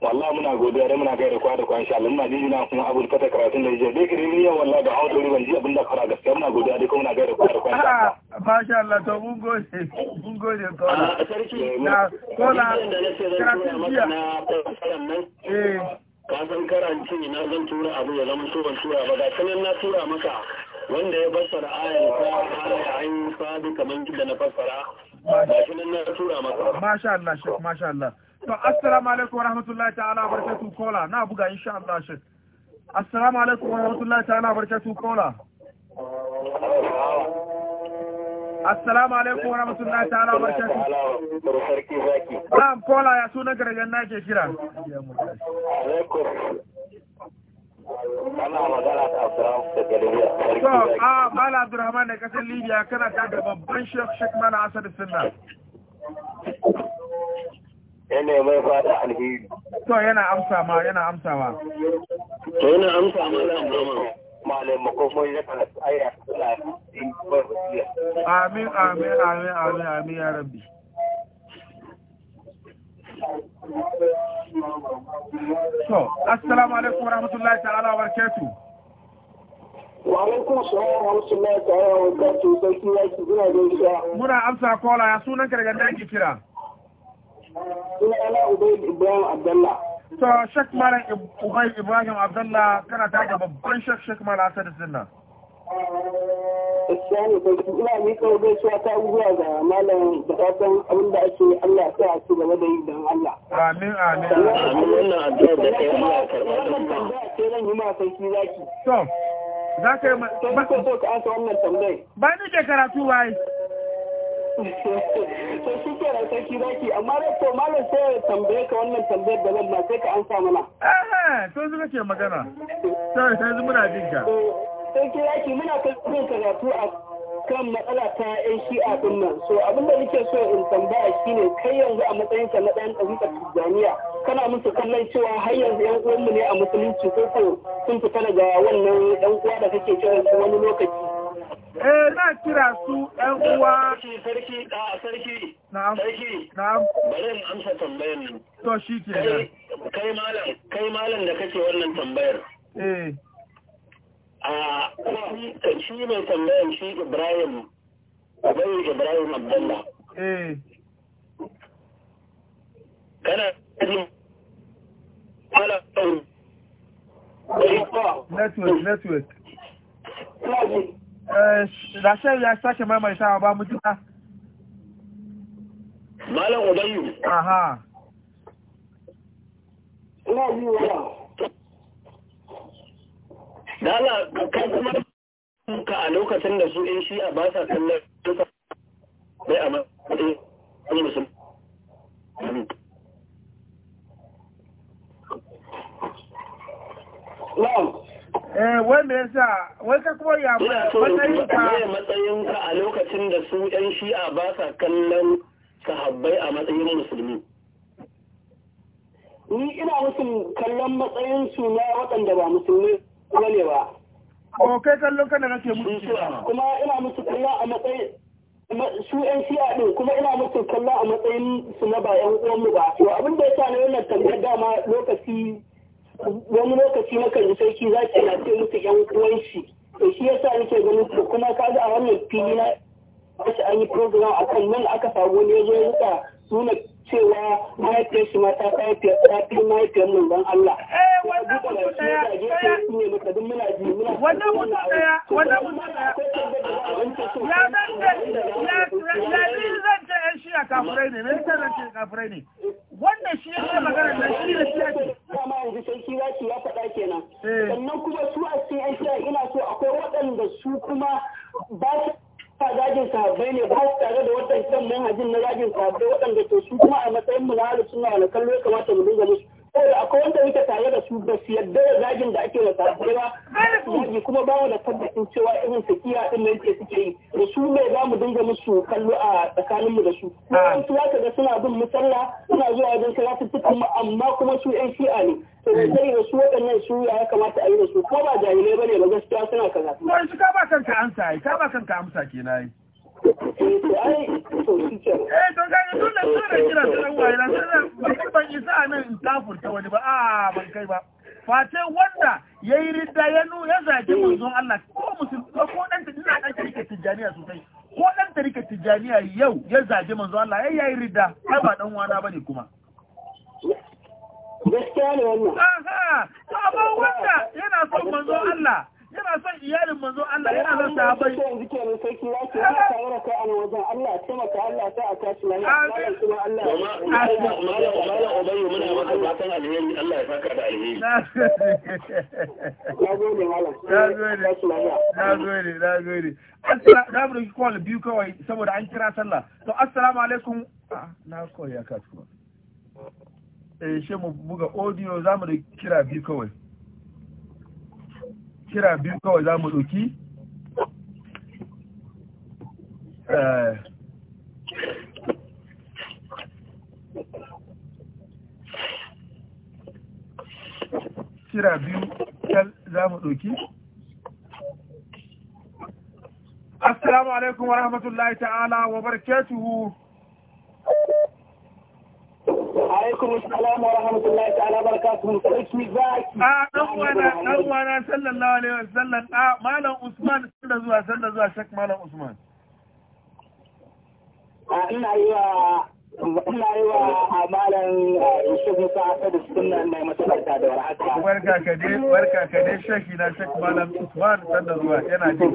S2: wallahi muna godiya da muna gaida da kwa da kwa insha Allah muna ji ina kuma abul kata karatun da yake bekiri ni ya wallahi da auto ban ji abinda fara gaskiya muna godiya da kuma muna gaida kwa da kwa insha Allah
S1: masha Allah to mun gode mun gode ko
S5: eh, na ko na karatun jiya
S2: eh ka san karantin na zan tura abu ya zama so ban tura ba ga sanin na tura maka wanda ya fassara ayar ta ayar ayin sabi kaman yadda na fassara ba shi nan na tura maka
S1: masha Allah masha Allah to assalamu alaikum rahmatullahi ta'ala barakatuh kola na buga insha Allah shi assalamu alaikum wa rahmatullahi ta'ala barakatuh kola assalamu alaikum wa rahmatullahi ta'ala barakatuh na'am kola ya sunan garajen nake kira
S2: Ana magana ta To,
S1: a Mala Abdurrahman ne kasar Libya kana ta da babban Sheikh Sheikh Mala Asad Sunna.
S2: yana mai faɗa alheri
S1: to yana amsa ma yana amsa ma
S2: to yana amsa ma yana amsa ma malam makomai ya kana aya ta amin amin amin
S1: amin amin ya rabbi
S5: to assalamu alaikum warahmatullahi ta'ala wa barakatuh
S1: wa alaikum assalam wa rahmatullahi ta'ala wa barakatuh sai ki yaki ina gaishe muna amsa kola ya sunan ka daga nan ki kira Suna ala Ibrahim Abdallah. To, Malam Ibrahim Abdallah kana ta da babban Shek Shek Malam Asad Zinna.
S4: Assalamu alaikum ina miƙa gaisuwa ta zuwa ga malam da abin da ake Allah sa a ci gaba da yi don Allah.
S1: Amin amin. wannan addu'a da kai Allah ya karɓa. Wannan
S4: ce zan yi ma sarki zaki. To, za ka yi ma.
S2: ka Ba ni ke karatu ba yi. to shi ke da sarki zaki amma da to malam sai ya tambaye ka wannan tambayar da zan ma sai ka amsa mana
S1: eh to su kake magana sai sai muna jin ka da
S4: eh, zaki muna kan karatu a kan matsala ta yan shi'a din nan so da nake so in tambaya shine kai yanzu a matsayin ka na dan ɗabi'ar tijjaniya kana musu kallon cewa har yanzu yan uwanmu ne a musulunci ko ko sun fita daga wannan yan uwa da kake cewa wani lokaci eh na kira su ɗan uwa
S1: sarki da sarki na'am
S2: bari in amsa tambayar nan to shi ke kai malam kai malam da kake wannan tambayar eh a shi mai tambayar shi Ibrahim Ubayi Ibrahim Abdullah eh kana jin
S1: malam network network Rashid eh, ya sake maimaitawa ba mutuna.
S2: Malam Ubayu.
S1: Aha. Ina yi wa
S2: Dala, kan kuma ka a lokacin da su in shi'a ba sa kallon duka bai a matsayin wani musulmi. Na'am. Eh, wai mai
S1: yasa wai ka kuma ya
S2: matsayin ka matsayin ka a lokacin da su yan shi'a ba sa kallon sahabbai a matsayin musulmi
S4: ni ina musu kallon matsayin su na waɗanda ba musulmi ne ba ko oh, kai kallon da nake musu kuma ina musu kallon a matsayin su yan shi'a ɗin kuma ina musu kallon a matsayin su na ba yan uwanmu ba to abin da ya sa na yi na tambayar dama lokaci wani lokaci na kan sarki za ki na ce musu yan uwan shi to shi yasa nake ganin ko kuma ga a wannan fili na wasu an yi program akan nan aka samu ne ya zo ya nuna cewa mahaifiyar shi mata mahaifiyar mahaifiyar eh,
S6: wannan wannan wannan ya ya ni zan ce ya eh, shi a kafirai
S1: ne zan ce ne wanda shi ya ce magana nan shi ne shi ya ce. yanzu
S4: sarki ya faɗa kenan. Eh. Sannan kuma su a cikin ina so akwai waɗanda su kuma ba su ba zagin sahabbai ne ba tare da wata isan manhajin na zagin sahabbai waɗanda ke su kuma a matsayin mu na suna wani kallo ya kamata mu dinga musu kawai akwai wanda muke tare da su ba su yadda da zagin da ake wata ba zagi kuma ba mu da tabbacin cewa irin
S2: sakiya din nan ke suke yi da su ne za mu dinga musu kallo a tsakaninmu da su kuma ah.
S4: su zaka ka ga suna bin musalla suna zuwa wajen karatuttukan mu amma kuma su yan shi'a ne to sai da su waɗannan su ya kamata a yi da su kuma ba jahilai bane ba gaskiya suna kaza. ka ba
S1: kanka amsa ka ba kanka amsa kenan ai to shi ce eh to da tsara ta nan wani ba a ah, ban kai ba face wanda ya yi ridda ya nu ya zage manzon Allah ko musulmi ko dan ta ina dan tarike tijaniya sosai ko dan tarike tijaniya yau ya zage manzon Allah yayi yayi ridda ai ba dan wana bane kuma gaskiya ne wannan
S4: aha
S6: wanda yana son manzon Allah yana son iyalin manzo Allah yana son sahabbai
S1: na gode call biyu kawai saboda an kira sallah to assalamu alaikum ah, na koya ka eh shi mu buga audio zamu da kira biyu kawai kira biyu kawai za mu ɗauki eh. kira biyu za mu ɗauki assalamu alaikum wa rahmatullahi ta'ala wa barakatuhu
S4: alaikum assalam wa rahmatullahi ta'ala barakatuhu sarki zaki a ah, dan wana dan
S1: wana sallallahu alaihi wasallam a ah, malam usman sanda zuwa sanda zuwa shek malam usman a
S4: ah, ina yi wa Ina yi wa amalan Yusuf eh, Musa Asadu suna mai matabarta da warhaka. Barka ka dai,
S1: barka
S2: ka dai shaki na shek malam Usman sanda
S1: zuwa yana
S4: jin.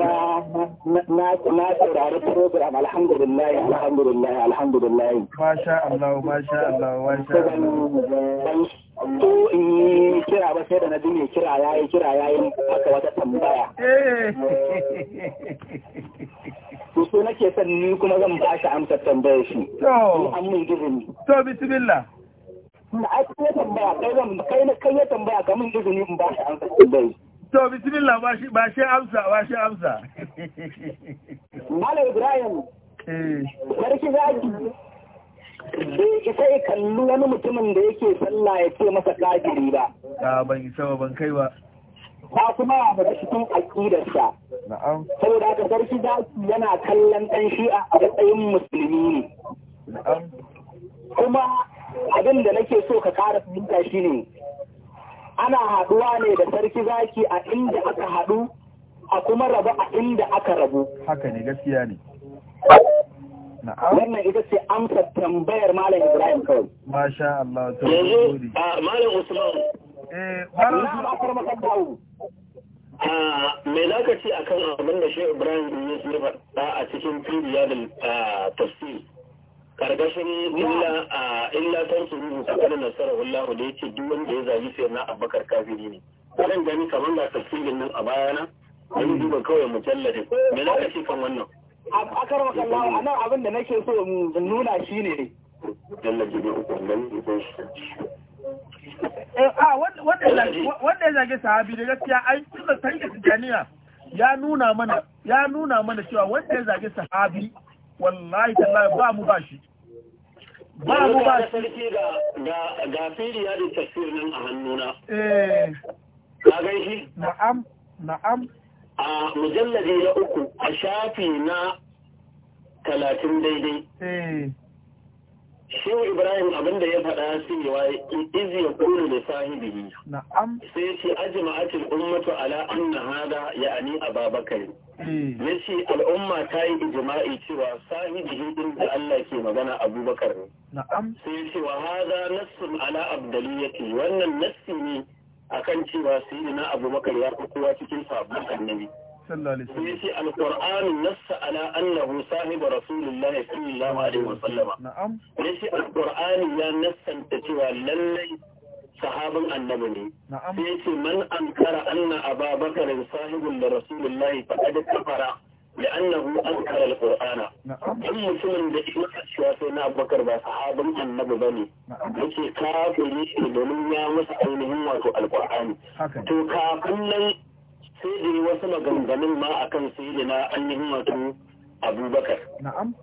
S2: Na na saurari program alhamdulillah alhamdulillah alhamdulillah.
S4: Masha Allah masha Allah masha Allah. Ko in yi kira ba sai da na ji mai kira yayi kira yayi haka wata tambaya.
S3: Eh.
S4: to so nake son ni kuma zan ba shi amsa tambayar shi to
S2: an mun izini to bismillah na ai kai tambaya kai zan kai na kai tambaya
S1: kamun izini in ba shi amsa tambayar to bismillah ba shi ba shi amsa ba shi amsa
S4: Malam Ibrahim eh sarki zaki bai ki sai kallu wani mutumin da yake sallah ya ce masa kafiri ba. Ka ah, ban isa ba ban kai ba. ba kuma daga cikin aƙidarsa. Saboda ka sarki za su yana kallon ɗan shi'a a matsayin musulmi ne. Kuma abin da nake so ka ƙara fahimta shi ne, ana haɗuwa ne da sarki zaki a inda aka haɗu a kuma rabu a inda aka rabu. Haka ne gaskiya ne. Wannan ita ce amsar
S1: tambayar Malam Ibrahim kawai. Masha Allah. Yanzu
S2: Malam Usman Eh, mai lokaci ah, kan abin da shi ibrahim ya faɗa a cikin filiya da ah, tafsi karkashin illa a ah, illa tan su rubu tsakanin nasarar wallahu da yake duk wanda ya zagi sai na abakar kafiri ne wannan gani kamar da tafsirin nan a bayana wani duba kawai mujalladin
S4: me lokaci kan wannan a karwa kallawa a nan abin da nake so nuna shi ne Eh, ah,
S1: wanda ya zage sahabi da gaskiya ai suka tanke tijaniya ya nuna mana ya nuna mana cewa wanda ya zage sahabi wallahi tallahi ba mu ba shi
S2: ba mu ba shi sarki da da ga ya da tafsir nan a hannuna
S1: eh
S2: ka ga shi
S1: na'am na'am
S2: a mujalladi na uku a shafi na talatin daidai eh.
S3: shehu ibrahim abinda ya faɗa cewa izi ya kulu da sahibihi na'am
S2: sai ce ajma'atul ummatu ala anna hada ya'ni ababakar hmm. yace al'umma ta yi ijima'i cewa sahibihi din da Allah ke magana abubakar ne sai shi wa hada nassun ala abdaliyati wannan nassi ne akan cewa sayyidina abubakar ya fi kowa cikin sabbin annabi
S1: sallallahu alaihi wasallam
S2: yace alqur'an nassa ala annahu sahibu rasulillahi sallallahu alaihi wasallam ya nasanta cewa lallai sahabin annabi ne sai yace man ankara anna ababakar sahibun da rasulullahi faqad kafara لأنه أنكر القرآن إن مسلم ده ba sahaban أبو بكر بس صحابا النبي بني يكي كافر يشي دنيا مسألهم وتو القرآن تو كافر sai da yi wasu maganganun ma a kan sai yi na ainihin wato abubakar. Na'am.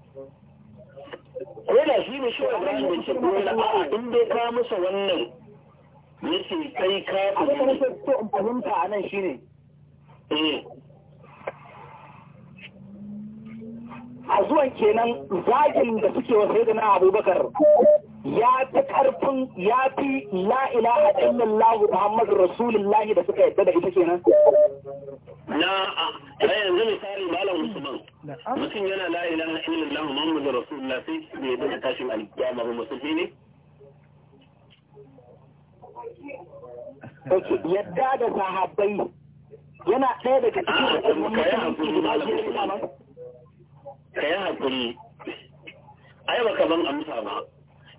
S2: Ko da shi ne shi gani da ce dole a'a in dai ka musa wannan nake kai ka abin
S4: da nake so in fahimta a nan shine. Eh. A zuwan kenan zagin da suke wasu yadda na abubakar ya fi karfin ya fi la ilaha illallah muhammadu rasulullahi da suka yadda da ita kenan
S2: na a yanzu misali malam musulman mutum yana la ilaha illallah muhammadu rasulullahi sai bai yadda da tashin alkiyama ba musulmi ne
S4: yadda da sahabbai yana ɗaya daga cikin ah, ka yi hakuri malam musulman
S2: ka yi hakuri ai baka ban amsa ba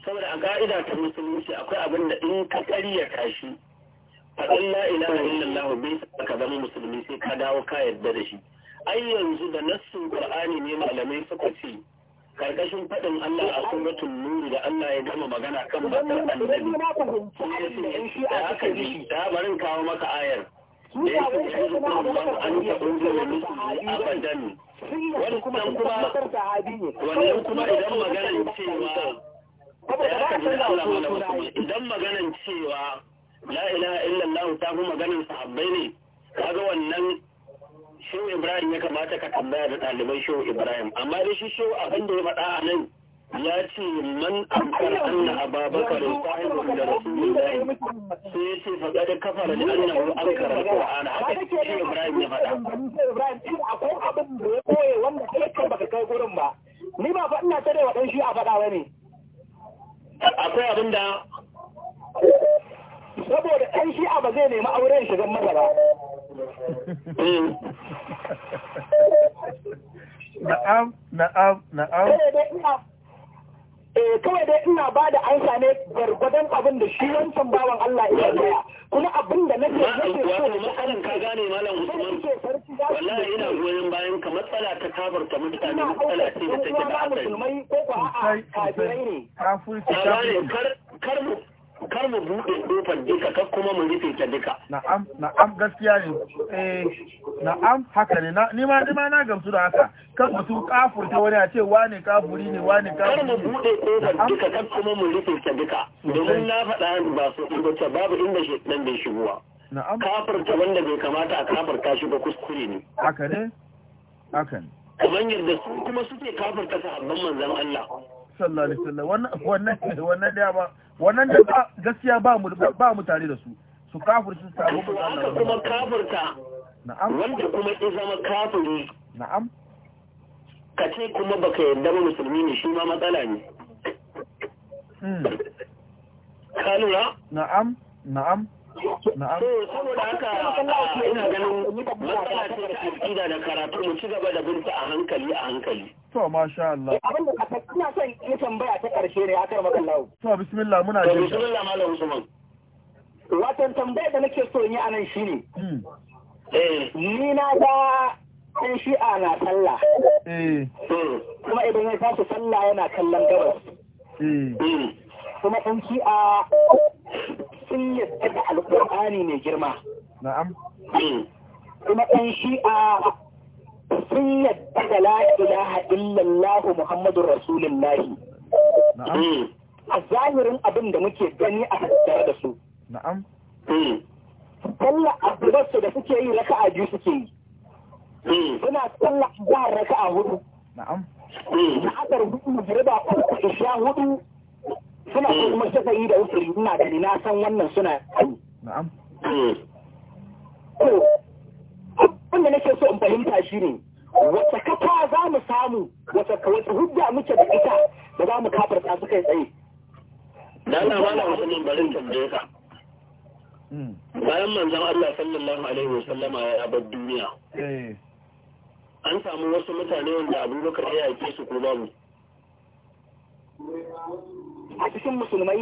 S2: saboda a ga'ida ta musulunci akwai abin da in ka karya karyata shi faɗin la ilaha illallah bai ka zama musulmi sai ka dawo ka yarda da shi ai yanzu da nassin qur'ani ne malamai suka ce karkashin faɗin Allah a suratul nur da Allah ya gama magana kan matar annabi Ya ji kawo maka ayar kuma wannan kuma idan maganar cewa idan maganan cewa la illallahu ta fi maganin sahabbai ne kaga wannan shehu ibrahim ya kamata ka tambaya da ɗaliban shehu ibrahim amma da shi shehu abin da ya faɗa a nan ya ce man amkar anna ababakar sahibun da rasulullahi sai ya ce faɗa da da annahu ankara alqur'ana haka ibrahim ya faɗa
S4: akwai abin da ya koye wanda kai baka kai gurin ba ni ba faɗina ta da wadan shi a faɗa wani
S2: akwai abin da
S4: saboda ɗan shi'a
S2: ba zai nemi auren shigan maza ba
S1: na'am na'am na'am
S4: eh kawai dai ina ba da ansa ne gwargwadon abin da shi wancan bawan Allah ya tsaya kuma abin da nake nake so ne
S2: ka gane malam Usman wallahi ina goyon bayan ka matsala ta ta mutane matsala ce da take da asali ko
S4: ko a'a ne
S2: kafirci
S1: kar
S2: kar kar mu buɗe kofar duka kar kuma mu rufe ta duka
S1: na'am na'am gaskiya ne eh na'am haka ne na ni ma ni ma na gamsu da haka kar kafur ta wani a ce wani kafuri ne wane
S2: kafuri kar mu buɗe kofar duka kar kuma mu rufe ta duka domin na faɗa ba su ta babu inda shi dan bai shigowa na'am kafurta wanda bai kamata a kafurta shi ba kuskure ne
S1: haka ne haka ne
S2: kamar yadda su kuma suke kafurta Abban manzon Allah
S1: sallallahu alaihi wasallam wannan wannan da ba wannan da ba gaskiya ba mu ba mu tare da su su kafir
S2: su samu kuma kafirta na'am wanda kuma in zama kafiri na'am ka ce kuma baka yarda ba musulmi ne shi ma matsala ne hmm. ka lura
S1: na'am na'am to
S2: saboda haka ah, ina ganin matsala ce ta akida da karatu mu ci gaba
S4: da binta a hankali a hankali
S1: to masha Allah eh,
S4: abin da ka ina son yi tambaya ta karshe ne akar makallahu to bismillah muna jin bismillah malam Usman watan tambayar da nake so yi anan shine hmm. eh ni na ga in shi'a na sallah eh. hmm. kuma idan ya tashi sallah yana kallon gabas eh. hmm. kuma in a. sun yadda da alƙur'ani mai girma na'am hmm. kuma ɗan shi'a sun yadda da la ilaha illallah muhammadur rasulullahi na'am hmm. a zahirin abin da muke gani a tattare da su na'am hmm. sallah abdubarsu da suke yi raka'a biyu suke yi suna sallah jihar raka'a hudu na'am na asar hudu magriba uku isha hudu suna so kuma shafa'i da wuturi ina gani na san wannan suna na'am Ko, abin da nake so in fahimta shine wace kafa za mu samu wace hujja muke da ita da za mu kafarta su kai tsaye
S2: dan na mana musulmin barin tambaye ka hmm. bayan manzan Allah sallallahu alaihi wasallama ya bar duniya eh. an samu wasu mutane wanda abubakar ya yake su ko babu
S4: a cikin musulmai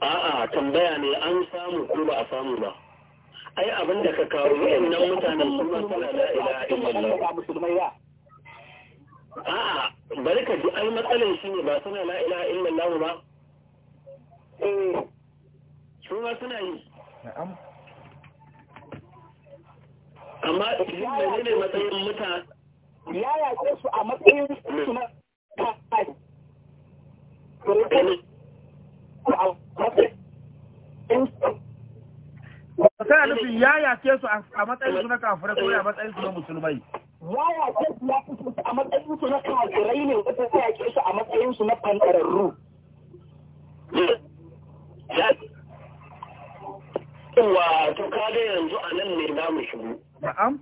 S2: a'a tambaya ne an samu ko ba a samu ba ai abin da ka kawo wayannan mutanen sun suna tana la
S4: a'a
S2: bari ka ji ai matsalin shi ne ba suna la ila ila ba eh suna yi
S1: Amma
S4: amma da ne matsayin mutane ya yaƙe su a matsayin su na Kana nufin ya yake su a matsayin su na kafirai ko a matsayin su na musulmai. Ya yake su ya fi a matsayin su na kafirai ne wata ya yake su a matsayin su na fantararru.
S2: Wa to kaga yanzu a nan ne za mu shigo. Na'am.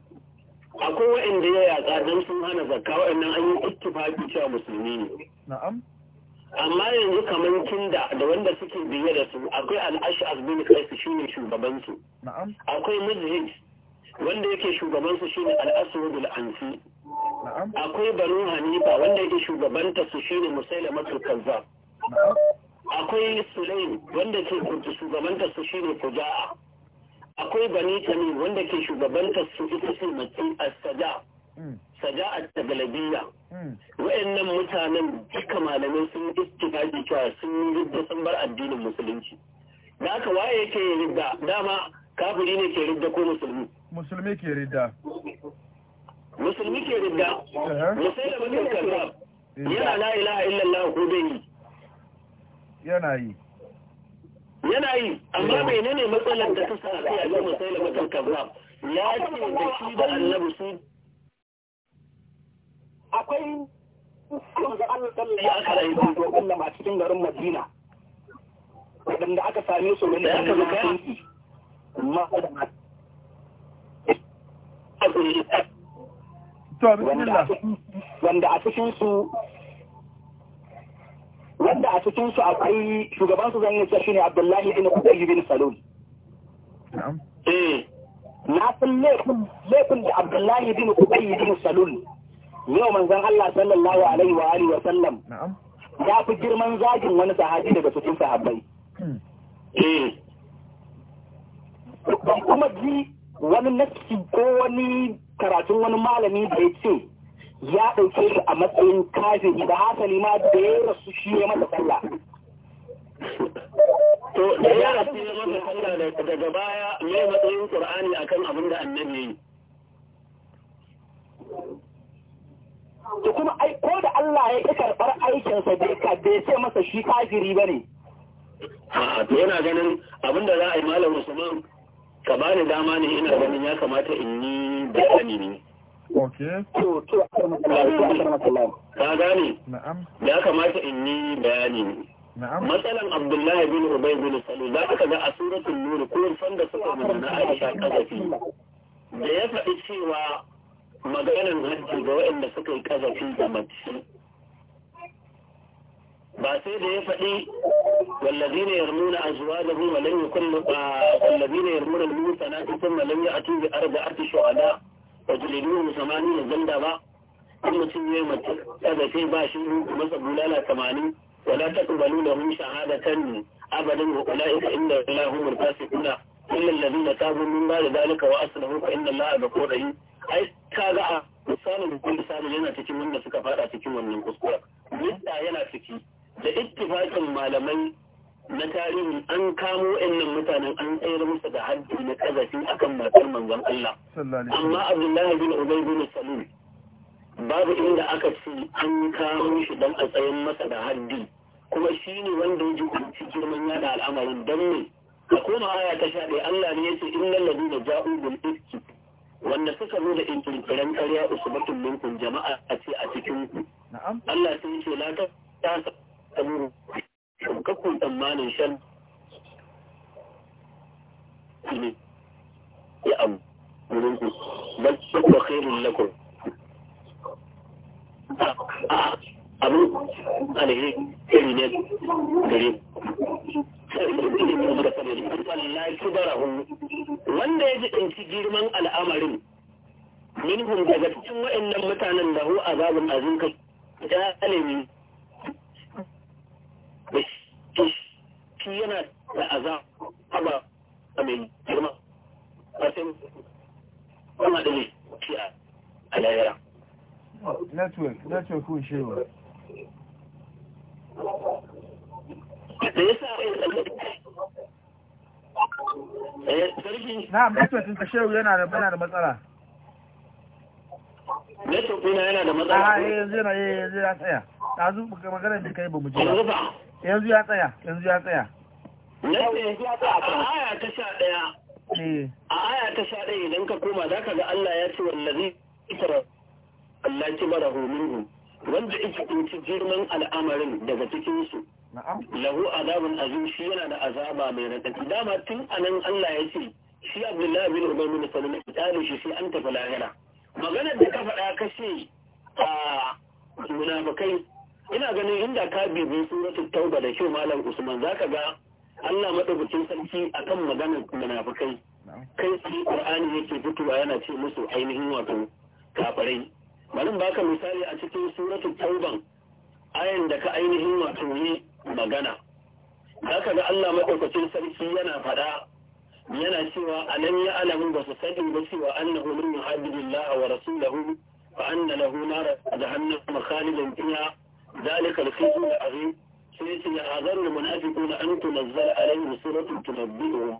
S2: Akwai wa'inda ya yaƙa don sun hana zakka wa'annan an yi ittifaqi cewa musulmi ne. Na'am. amma yanzu kamar kinda da wanda suke biye da su akwai a bin kaisu su shine shugabansu akwai mujahid wanda yake shugabansu shine al'asu al'asudul ansi akwai banu hanifa wanda yake shugabanta su shine ne musaila kaza. akwai sulaim wanda ke kuntu shugabanta su shine kujaa akwai bani tamim wanda ke shugabanta su ita ce mace as-sada' saja'at a tagalabiya. Mm. wa'annan mutanen duka malamai sun yi ittifaqi cewa sun yi ridda sun bar addinin musulunci da aka waye yake ridda dama kafiri ne ke ridda ko musulmi
S1: musulmi ke ridda
S2: musulmi ke ridda uh-huh. musulmi ke ridda yana la ilaha illallah ko bai yi yana yi yana yi amma menene matsalar da ta sa sai a ga musulmi kan kaza ya ce da shi da annabi sun
S4: akwai da Allah sallallahu ya aka rayu da kullum a cikin garin Madina wadanda aka same su ne aka zuka amma to bismillah wanda a cikin su wanda a cikin su akwai shugaban su zanyi sashi ne Abdullahi ibn Ubay bin Salul eh. na san laifin da Abdullahi bin Ubay bin Salul yau manzon Allah sallallahu alaihi wa alihi wa sallam ya fi girman zagin wani sahabi daga cikin sahabai.
S1: Hmm. eh
S4: kuma ji wani nafsi ko wani karatun wani malami da ya ce ya ɗauke shi a matsayin kafin da hasali ma da ya rasu shi ya masa kalla to da ya rasu ya masa daga baya
S2: mai matsayin qur'ani akan abin da annabi to kuma ai ko
S4: da Allah ya ki karɓar sa bai ka bai ce masa shi kafiri bane
S2: to yana ganin abin da za a yi malam Usman ka ba ni dama ne ina ganin ya kamata in yi bayani ne Okay. To, to, ka gane? Na'am. Ya kamata in yi bayani ne. matsalan abdullahi bin ubay bin salu za ka ga a suratul nur ko san da suka mana na aisha kazafi da ya faɗi cewa maganin hajji ga waɗanda suka yi ƙazafin da mace ba sai da ya faɗi wallazi ne yarmuna a zuwa da zuwa kullum. yakun wallazi ne yarmuna musa na cikin malam ya a bi arba arti shuhada wa julidu samani da zanda ba in mutum ya mace ƙazafi ba shi masa bulala tamanin wala taqbalu lahum shahadatan abadan wa ita inda lahum al-fasiquna illa alladhina tabu min ba'di dhalika wa aslahu fa inna allaha ghafurur rahim ai ga a misalin kun misali yana cikin wanda suka fada cikin wannan kuskure yadda yana ciki da ittifaqin malamai na tarihi an kamo wa'annan mutanen an tsayar musu da haddi na kazafi akan matar manzon Allah amma Abdullahi bin Ubay bin Salul babu inda aka ci an kamo shi dan a tsayin masa da haddi kuma shi ne wanda ya ji girman yada al'amarin dan ne a koma aya ta sha Allah ne ya ce innal ladina ja'u bil iski wanda suka zo da inkinkiran karya usbatun minkum jama'a a ce a cikin ku Allah sun ce la ta ta samu kakkun tsammanin shan ne ya amurin ku ba su kuwa khairun lakum abin alheri ne gare kibarahu wanda ya ɗanci girman al'amarin minhum daga cikin waɗannan mutanen da hu azabun azim ka da shi yana da azaba a mai girma fasin kuma da shi a layara
S1: network network kun shewa
S5: da yasa Na eh, sarki.
S1: Na'am, network din shehu yana da bana da matsala. Network din yana da matsala. Ah, yanzu yana eh yanzu ya tsaya. Dazu maganar da kai ba mu ji Yanzu ya tsaya, yanzu ya tsaya.
S2: Yanzu ya tsaya a aya ta sha eh. A aya ta 11 idan ka koma za ka ga Allah ya ce wallazi ikra Allah ki kibarahu minhu wanda yake kunci girman al'amarin daga cikin su. lahu azabun azim shi yana da azaba mai raɗaɗi dama tun anan Allah ya ce shi Abdullahi bin Ubay bin Salul ya shi sai an tafi lahira maganar da ka faɗa a munafikai ina ganin inda ka bibi suratul tauba da kyau malam usman zaka ga Allah madaukakin sarki akan maganar munafikai kai sai qur'ani yake fitowa yana ce musu ainihin wato kafirai bari baka misali a cikin suratul tauban ayan da ka ainihin wato ne. magana zaka ga Allah madaukakin sarki yana faɗa yana cewa alam ya alamin ba su sani ba cewa annahu min yuhaddidillaha wa rasulahu fa anna lahu nara jahannam khalidan fiha ذلك الخزي العظيم سيتي هذا المنافقون أن تنزل عليهم سورة تنبئهم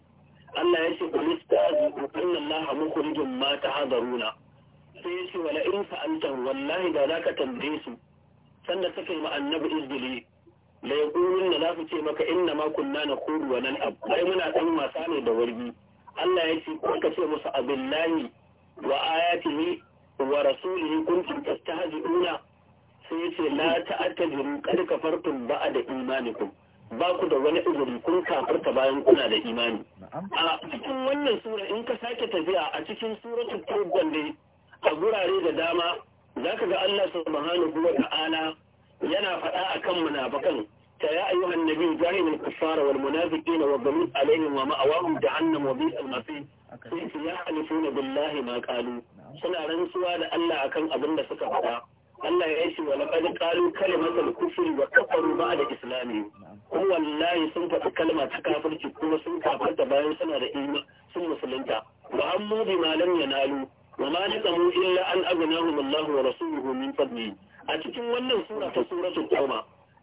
S2: Allah ya ce kulista'azu inna Allah mukhrijum ma tahadharuna sai ya ce wala in fa'alta wallahi da zaka tambaye su sanda suka yi ma annabi izgili la yaqulun na za su ce maka inna ma kunna na kuru wa nan abu. ai muna ɗan wasa ne da wargi Allah ya ce ko ka ce musu abillahi wa ayatihi wa rasulihi kuntum tastahzi'una sai ya ce la ta'tajiru kad kafartum ba'da imanikum ba ku da wani uzuri kun kafarta bayan kuna da imani a cikin wannan sura in ka sake tafiya a cikin suratul tawbah ne a gurare da dama zaka ga Allah subhanahu wa ta'ala yana faɗa akan munafakan. ta ya ayyuhan nabi jahilul kuffara wal munafiqina wa dhalil alaihim wa ma'awahum jahannam wa bi'sal masir sai su yahlifuna billahi ma qalu suna rantsuwa da Allah akan abin da suka faɗa Allah ya yi ce wa laqad qalu kalimatul kufri wa kafaru ba'da islami ko wallahi sun faɗi kalma ta kafirci kuma sun kafarta bayan suna da imani sun musulunta wa amma bi ma lam yanalu وما نقموا إلا illa an الله ورسوله wa rasuluhu a cikin wannan sura ta suratul tauba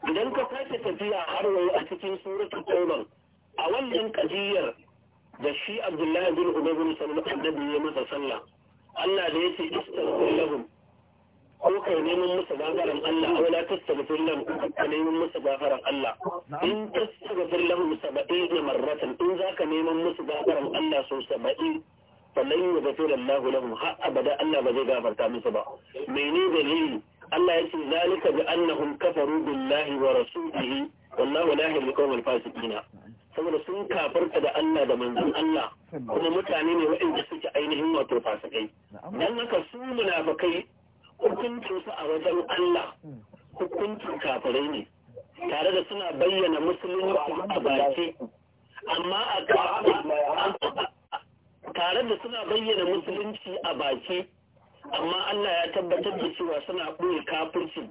S2: idan ka kwace tafiya har wayo a cikin suratul tauba a wannan kadiyar da shi abdullahi bin ubay bin salul annabi ya masa sallah Allah da yace istaghfir lahum ko kai neman musu gafaran Allah aw la tastaghfir lahum ko kai neman musu gafaran Allah in tastaghfir lahum 70 marratan in zaka neman musu gafaran Allah so 70 falan yughfiru Allah lahum har abada Allah ba zai gafarta musu ba menene dalili Allah ya ce zalika bi annahum kafaru billahi wa rasulihi wallahu la yahdi al fasiqin saboda sun kafarta da Allah da manzon Allah kuma mutane ne waɗanda suke ainihin wato fasikai dan haka su munafikai hukuncin su a wajen Allah hukuncin kafirai ne tare da suna bayyana musulunci a baki amma a tare da suna bayyana musulunci a baki amma Allah ya tabbatar da cewa suna ɓoye kafirci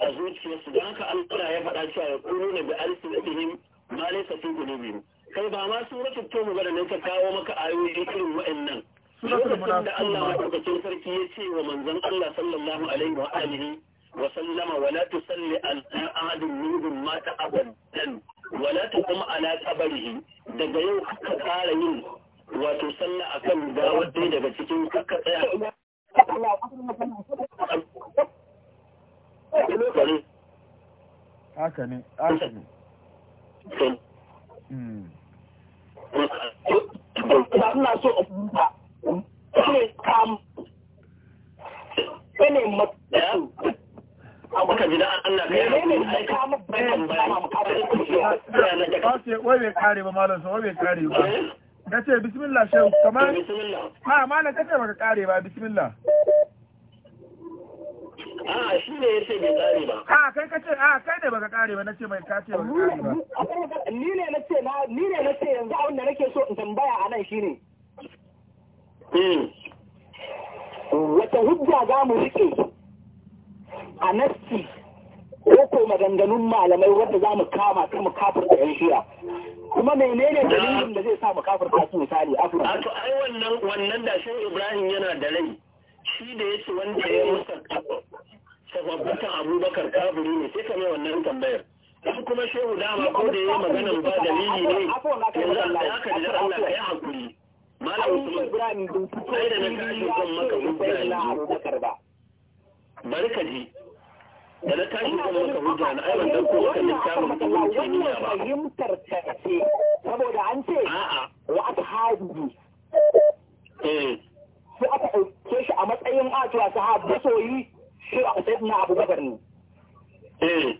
S2: a zuciyarsu don haka Allah ya faɗa cewa ya ƙuru na bi alisinatihim ma laysa fi biyu. kai ba ma suratul tumu ba da nan ka kawo maka ayoyi irin wa'annan
S4: lokacin da Allah
S2: madaukakin sarki ya ce wa manzon Allah sallallahu alaihi wa alihi wa sallama wa la tusalli ala ahadin minhum mata abadan wa la taqum ala qabrihi daga yau ka kara yin wato sallah akan gawar daga cikin kakka tsaya haka ne haka ne hmm. ina
S4: so ba
S1: wai bai kare ba malam wai bai kare ba na ce bismillah shehu kamar a malam kace baka kare ba bismillah
S4: a shi ne ya ce bai kare ba a
S1: kai kace a kai ne baka kare ba na ce mai kace baka kare
S4: ba ni ne na ce ni ne na ce yanzu abin da nake so in tambaya a nan shine hmm. wata hujja za mu rike a nasti ko maganganun malamai wadda za mu kama ta mu da yan shiya kuma menene dalilin da zai sa mu ta su misali afirka a to ai
S2: wannan wannan da shi ibrahim yana da rai shi da yace wanda ya musa sababbatan abubakar kafiri ne sai ka mai wannan tambayar wasu kuma shehu dama ko da yayi magana ba dalili ne yanzu da aka da Allah kai hakuri
S4: malam usman ibrahim bin fito da na kashi kan maka mun bayani
S2: bari ka ji da na tashi zan maka hujja na aiwan dan ko wata littafin da wani tamiya ba
S4: fahimtar ta ce saboda an ce wa ashabi eh sai aka ɗauke shi a matsayin a cewa sahabi masoyi shi a sayyidina Abu Bakar ne eh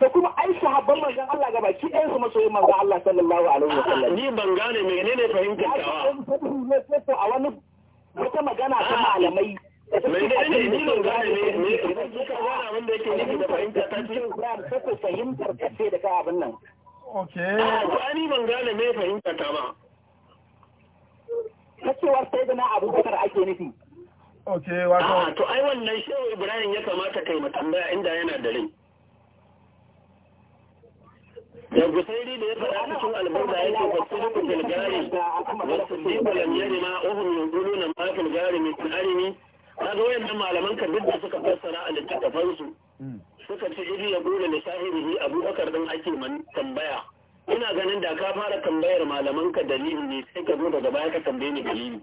S4: da kuma ai sahabban manzon Allah ga baki ɗayan su masoyin manzon Allah sallallahu alaihi wa sallam ni ban gane menene fahimtar ta ba a wani wata magana ta malamai fahimtar ka ce ta To ai
S2: wannan shehu Ibrahim ya kamata kai matambaya inda yana da rai. da gusairi da ya faɗa cikin albarda yake basu dukkan gari wasu dukkan gari ma ohun yanzu na mafil gari mai tsari ne kaga wayannan malaman kan duk da suka fassara a littattafan su suka ce iri ya gode ne sahibi abubakar din ake man tambaya ina ganin da ka fara tambayar malaman ka dalili ne sai ka zo daga baya ka tambaye ni dalili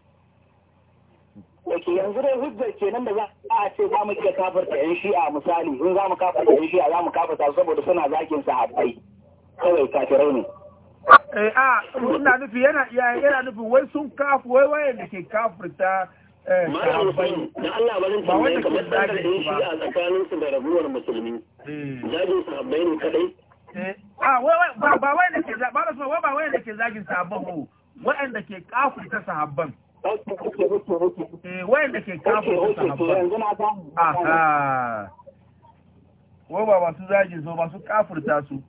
S4: Wace yanzu dai hujjar kenan da za a ce za mu iya kafarta yan shi'a misali in za mu kafarta yan shi'a za mu kafarta saboda suna zakin haɗai kawai kafirai ne. Eh a ina nufi yana yana nufin
S1: wai sun kafu wai wayan da ke kafarta Eh, malam sun da Allah barin tambaye kamar da shi a tsakanin
S2: su da rabuwar musulmi hmm. zagin sahabbai ne kadai
S1: eh, a ah, ba ba wai da ke ba da ba ba wai da ke zagin sahabban ko wa'anda ke kafirta sahabban eh wa'anda ke kafirta sahabban aha wa ba masu zagin so masu kafirta su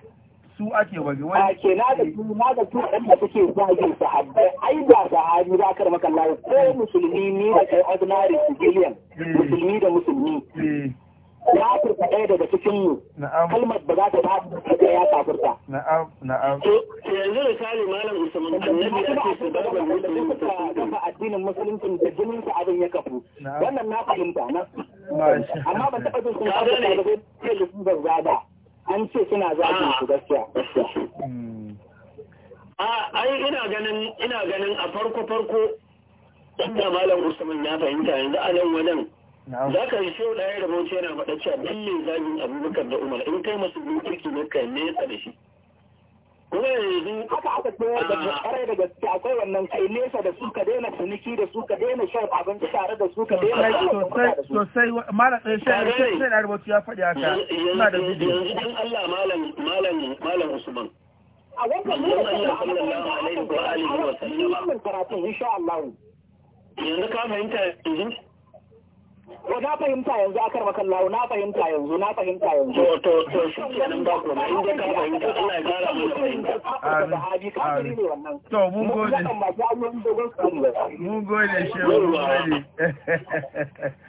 S4: su ake waje wani ke na da su na da su da suke zagin sahabbai ai ba sahabi za ka maka Allah ko hmm. musulmi ne da kai ordinary civilian hmm. musulmi da musulmi hmm. ya furta ɗaya daga cikin mu kalmar ba za ta ba ta kai ya kafurta
S1: na'am na'am to yanzu misali malam usman annabi ya ce su ba da musulmi
S4: da addinin musulunci da jinin sa abin ya kafu wannan na fahimta na amma ban taɓa jin sun kafa da zai ce da zazzaba an ce suna zagin su gaskiya
S2: ah, ah, ai ina ganin ina ganin a farko farko inda malam usman ya fahimta yanzu a nan wajen za ka yi shau ɗaya da bauchi yana faɗa cewa ɗan ne zagin abubakar da umar in kai masu kirki ne ka nesa
S4: da shi yanzu haka aka koyar da ah. kwarai da gaske akwai wannan kai nesa da su ka daina ciniki da su ka daina shan abinci tare da su ka daina sosai sosai malam
S1: ɗaya sai sai sai
S4: da rubutu ya faɗi haka ina da bidiyo yanzu dan
S2: Allah malam malam malam Usman
S4: a wannan ne da sallallahu alaihi wa alihi wa sallam karatun insha Allah
S2: yanzu ka fahimta yanzu
S4: To na fahimta yanzu akar makallahu na fahimta yanzu na fahimta yanzu. To to to shi kenan ba ko in ka fahimta Allah ya mu fahimta. To mun gode. Mun
S1: gode shi mun gode.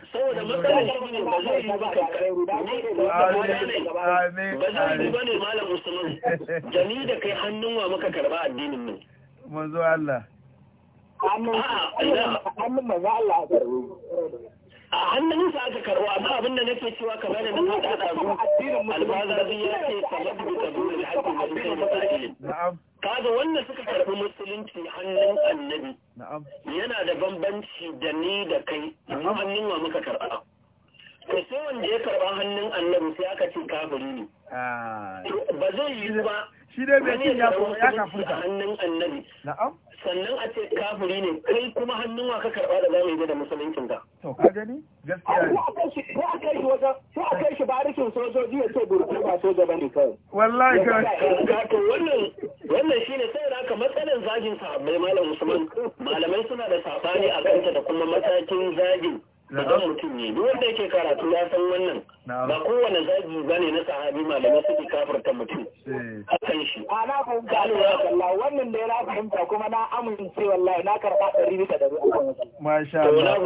S4: Saboda matsalar ne ba zai yi ba ka kai Amin. Ba zai yi ne malam
S1: Usman. Jami da kai hannun wa muka karba addinin
S2: nan. Manzo Allah.
S4: Amin. Amin manzo Allah ya karbi. a hannunsa aka karɓa amma abin da nake cewa kamar da na faɗa da zu albazabi ya ce
S2: kamar da ta zo da haƙƙin da kaga wannan suka karɓi musulunci hannun annabi yana da bambanci da ni da kai hannun wa muka karɓa to wanda ya karɓa hannun annabi sai aka ce kafiri ne
S1: ah.
S2: ba zai yi ba shi dai bai cin ya kafirta hannun annabi na'am sannan a ce kafiri ne kai kuma hannun wa ka karɓa da zamu yi da musuluncin ka
S4: to ka gani gaskiya ne ko a kai shi wata ko a kai shi barikin sojoji ya ce burku ba soja bane kawai wallahi ka to
S2: wannan wannan shine sai da ka matsalan zagin mai malam Usman malamai suna da sabani a kanta da kuma matakin zagin babban mutum ne duk wanda yake karatu ya san wannan ba kowane zagi ba ne na sahabi malamai suke kafarta mutum eh. a kan shi a
S4: na fahimta kalla wannan da ya na fahimta kuma na amince wallahi na karɓa ɗari bisa ɗari
S1: masha Allah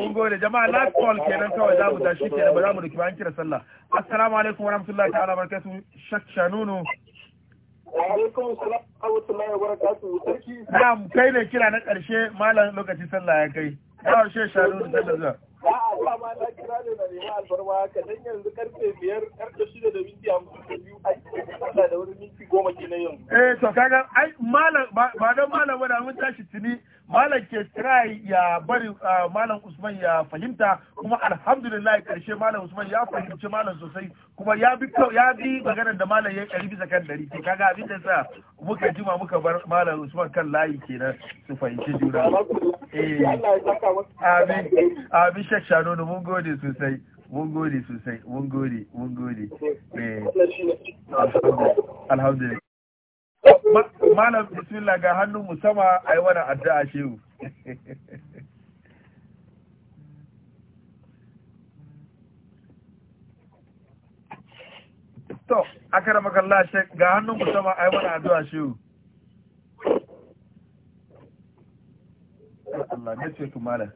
S1: mun gode jama'a na call kenan kawai za mu tashi kenan ba za mu duki ba an kira sallah assalamu alaikum wa rahmatullahi ta'ala barkatu shak shanunu
S2: alaikum salam wa rahmatullahi wa barakatuhu sarki na'am
S1: kai ne kira na karshe malam lokaci sallah ya kai ya she sharu da da a'a
S2: ba ma na kira ne na nema alfarma haka dan yanzu karfe biyar karfe shida da minti hamsin da biyu ai
S1: kuma da wani minti goma kenan yanzu eh to kaga ai malam ba don malam ba da mun tashi tuni malam ke try ya bari malam usman ya fahimta kuma alhamdulillah karshe malam usman ya fahimci malam sosai kuma ya bi ya bi maganar da malam ya kari bisa kan dari to kaga abin da sa muka jima muka bar malam usman kan layi kenan su fahimci juna eh amin amin shek shano mun gode sosai mun gode sosai mun gode mun gode eh alhamdulillah malam bismillah ga hannun mu sama a yi wani addu'a shehu to akara makalla shek ga hannun mu sama a yi wani addu'a shehu Allah ne ce kumala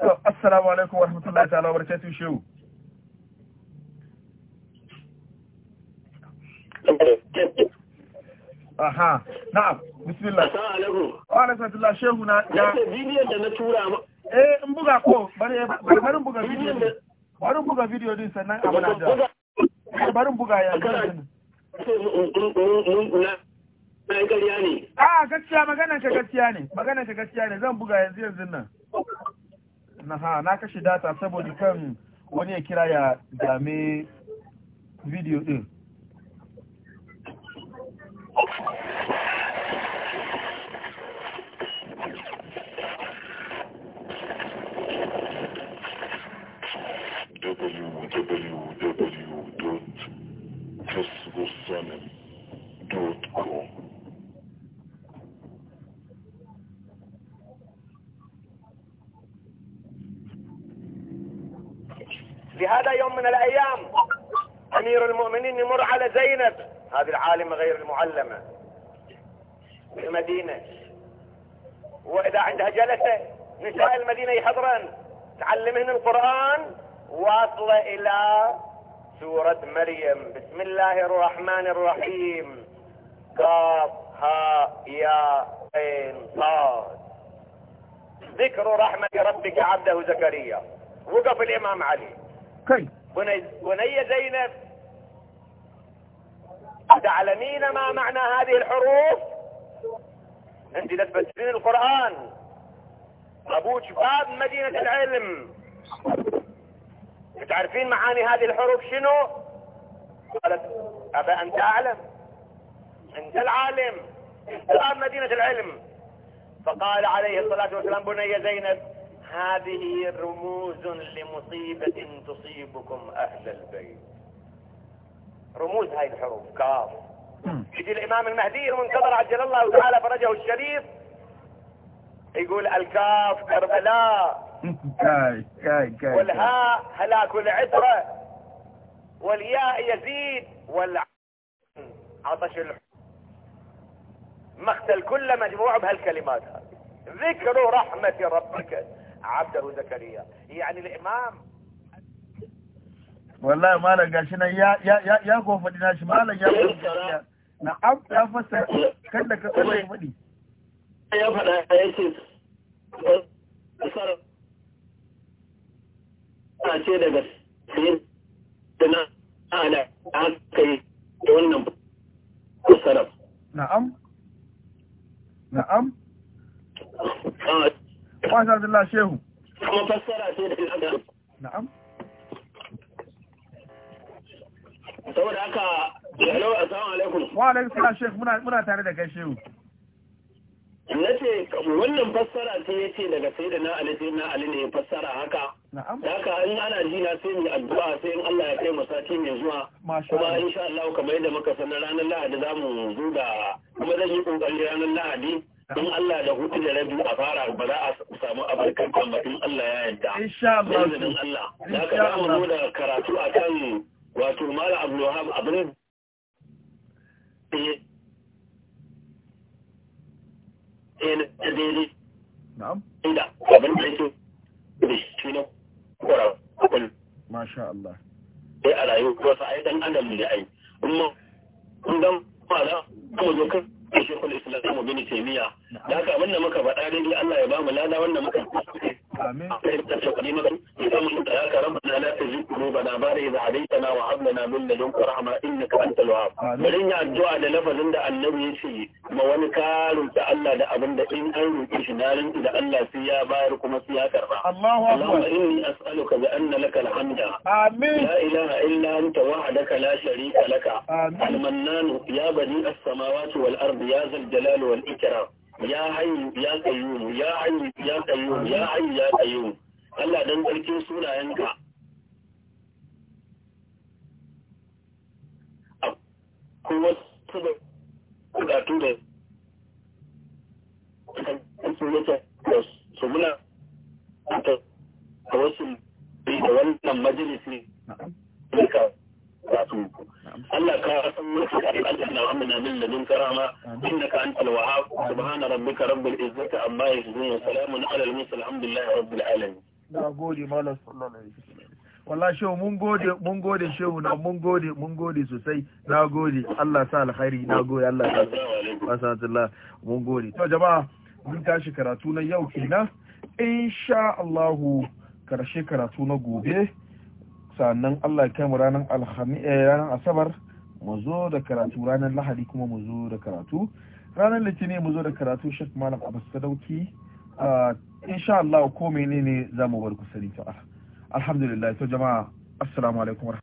S1: to assalamu alaikum warahmatullahi ta'ala wa barakatuh shehu aha na, bismillah assalamu alaikum wa rahmatullah shehu na ya bidiyon da na tura ma eh in buga ko bari bari buga bidiyon bari buga bidiyo din sannan abu na da bari buga ya na ne. A ah, gaskiya maganar ka gaskiya ne, maganar ka gaskiya ne zan buga yanzu yanzu nan. Na ha na kashe data saboda kan wani ya kira ya dame video din.
S5: www.facebooksonim.com
S6: في هذا يوم من الأيام أمير المؤمنين يمر على زينب هذه العالمة غير المعلمة في المدينة وإذا عندها جلسة نساء المدينة يحضرن تعلمهن القرآن واصلة إلى سورة مريم بسم الله الرحمن الرحيم قاف ها يا عين صاد ذكر رحمة ربك عبده زكريا وقف الإمام علي بني بني زينب تعلمين ما معنى هذه الحروف انت تفسرين القرآن ابوك باب مدينة العلم تعرفين معاني هذه الحروف شنو قالت ابا انت اعلم انت العالم انت الان مدينة العلم فقال عليه الصلاة والسلام بني زينب هذه رموز لمصيبة تصيبكم اهل البيت رموز هاي الحروف كاف يجي الامام المهدي المنتظر عجل الله تعالى فرجه الشريف يقول الكاف كربلاء
S1: والهاء
S6: هلاك العترة والياء يزيد والعين عطش الحب مختل كل مجموع بهالكلمات هذه ذكر رحمة ربك عبده زكريا يعني الإمام
S1: والله ما لقى شنو يا يا يا يا غوفه ديناش ما لقى na
S6: ya يا
S2: kada ka tsaye يا نعم، يا يا يا ce, a ce daga sayin da na ala aka yi da wannan sarraf.
S1: Na'am? Na'am? Kwasa ah. Abdullah Shehu. Kuma fassara ce da na Na'am?
S2: Saboda haka, hello, assalamu alaikum. Wa
S1: alaikum salam Shehu, muna tare da kai Shehu.
S2: Na wannan fassara ce ya ce daga sai da na Ali na Ali ne fassara haka. Na'am. Haka in ana jina sai mu addu'a sai in Allah ya kai mu mai zuwa. Kuma insha Allah kamar yadda muka sanar ranar Lahadi za mu zo da kuma zan yi kokari ranar Lahadi in Allah da hutu da rabi a fara ba za a samu abarkan kan in Allah ya yarda. Insha Allah. Izinin Allah. Haka za mu zo da karatu a kan wato Malam Abdulwahab abin eh, eh, eh, Na'am. Inda abin da yake da shi ne. kora kun
S1: masha Allah
S2: dai a rayuwa ko sa ai dan adam ne ai amma kun dan fara kuma zo kan shekul islam bin taymiya da haka wannan da muka faɗa dai Allah ya ba mu lada wannan muka Amin. ya addu'a da lafazin da annabi ya ce ma wani ka Allah da abinda in an roƙi shi na rinki da Allah sai ya bayar kuma sai ya karba. Allahu Akbar. inni as'aluka bi anna laka alhamda. Amin. La ilaha illa anta wahdaka la sharika laka. Amin. Al-mannanu ya bani as-samawati wal ardi ya jalali wal ikram. ya hayu ya qayyum ya hayu ya qayyum ya hayu ya Allah dan sarkin sunayenka akwai su da kudatu da su yake su muna ta wasu da wannan majalisi duka Allah ka wasu aljanna wa amina min ladun karama innaka antal wahhab subhana rabbika rabbil izzati amma yasifun wa salamun ala al mursalin alhamdulillahi rabbil alamin
S1: na gode malam sallallahu alaihi wasallam wallahi shehu mun gode mun gode shehu na mun gode mun gode sosai na gode Allah sa alkhairi na gode Allah sa wasallam mun gode to jama'a mun tashi karatu na yau kenan insha Allah karshe karatu na gobe sannan Allah ya kai mu eh, ranar asabar mu zo da karatu ranar lahadi kuma mu zo da karatu ranar litinin mu zo da karatu shek malam abbas sadauki ah, insha Allah ko menene za mu bar ku sani ta alhamdulillah to jama'a assalamu alaikum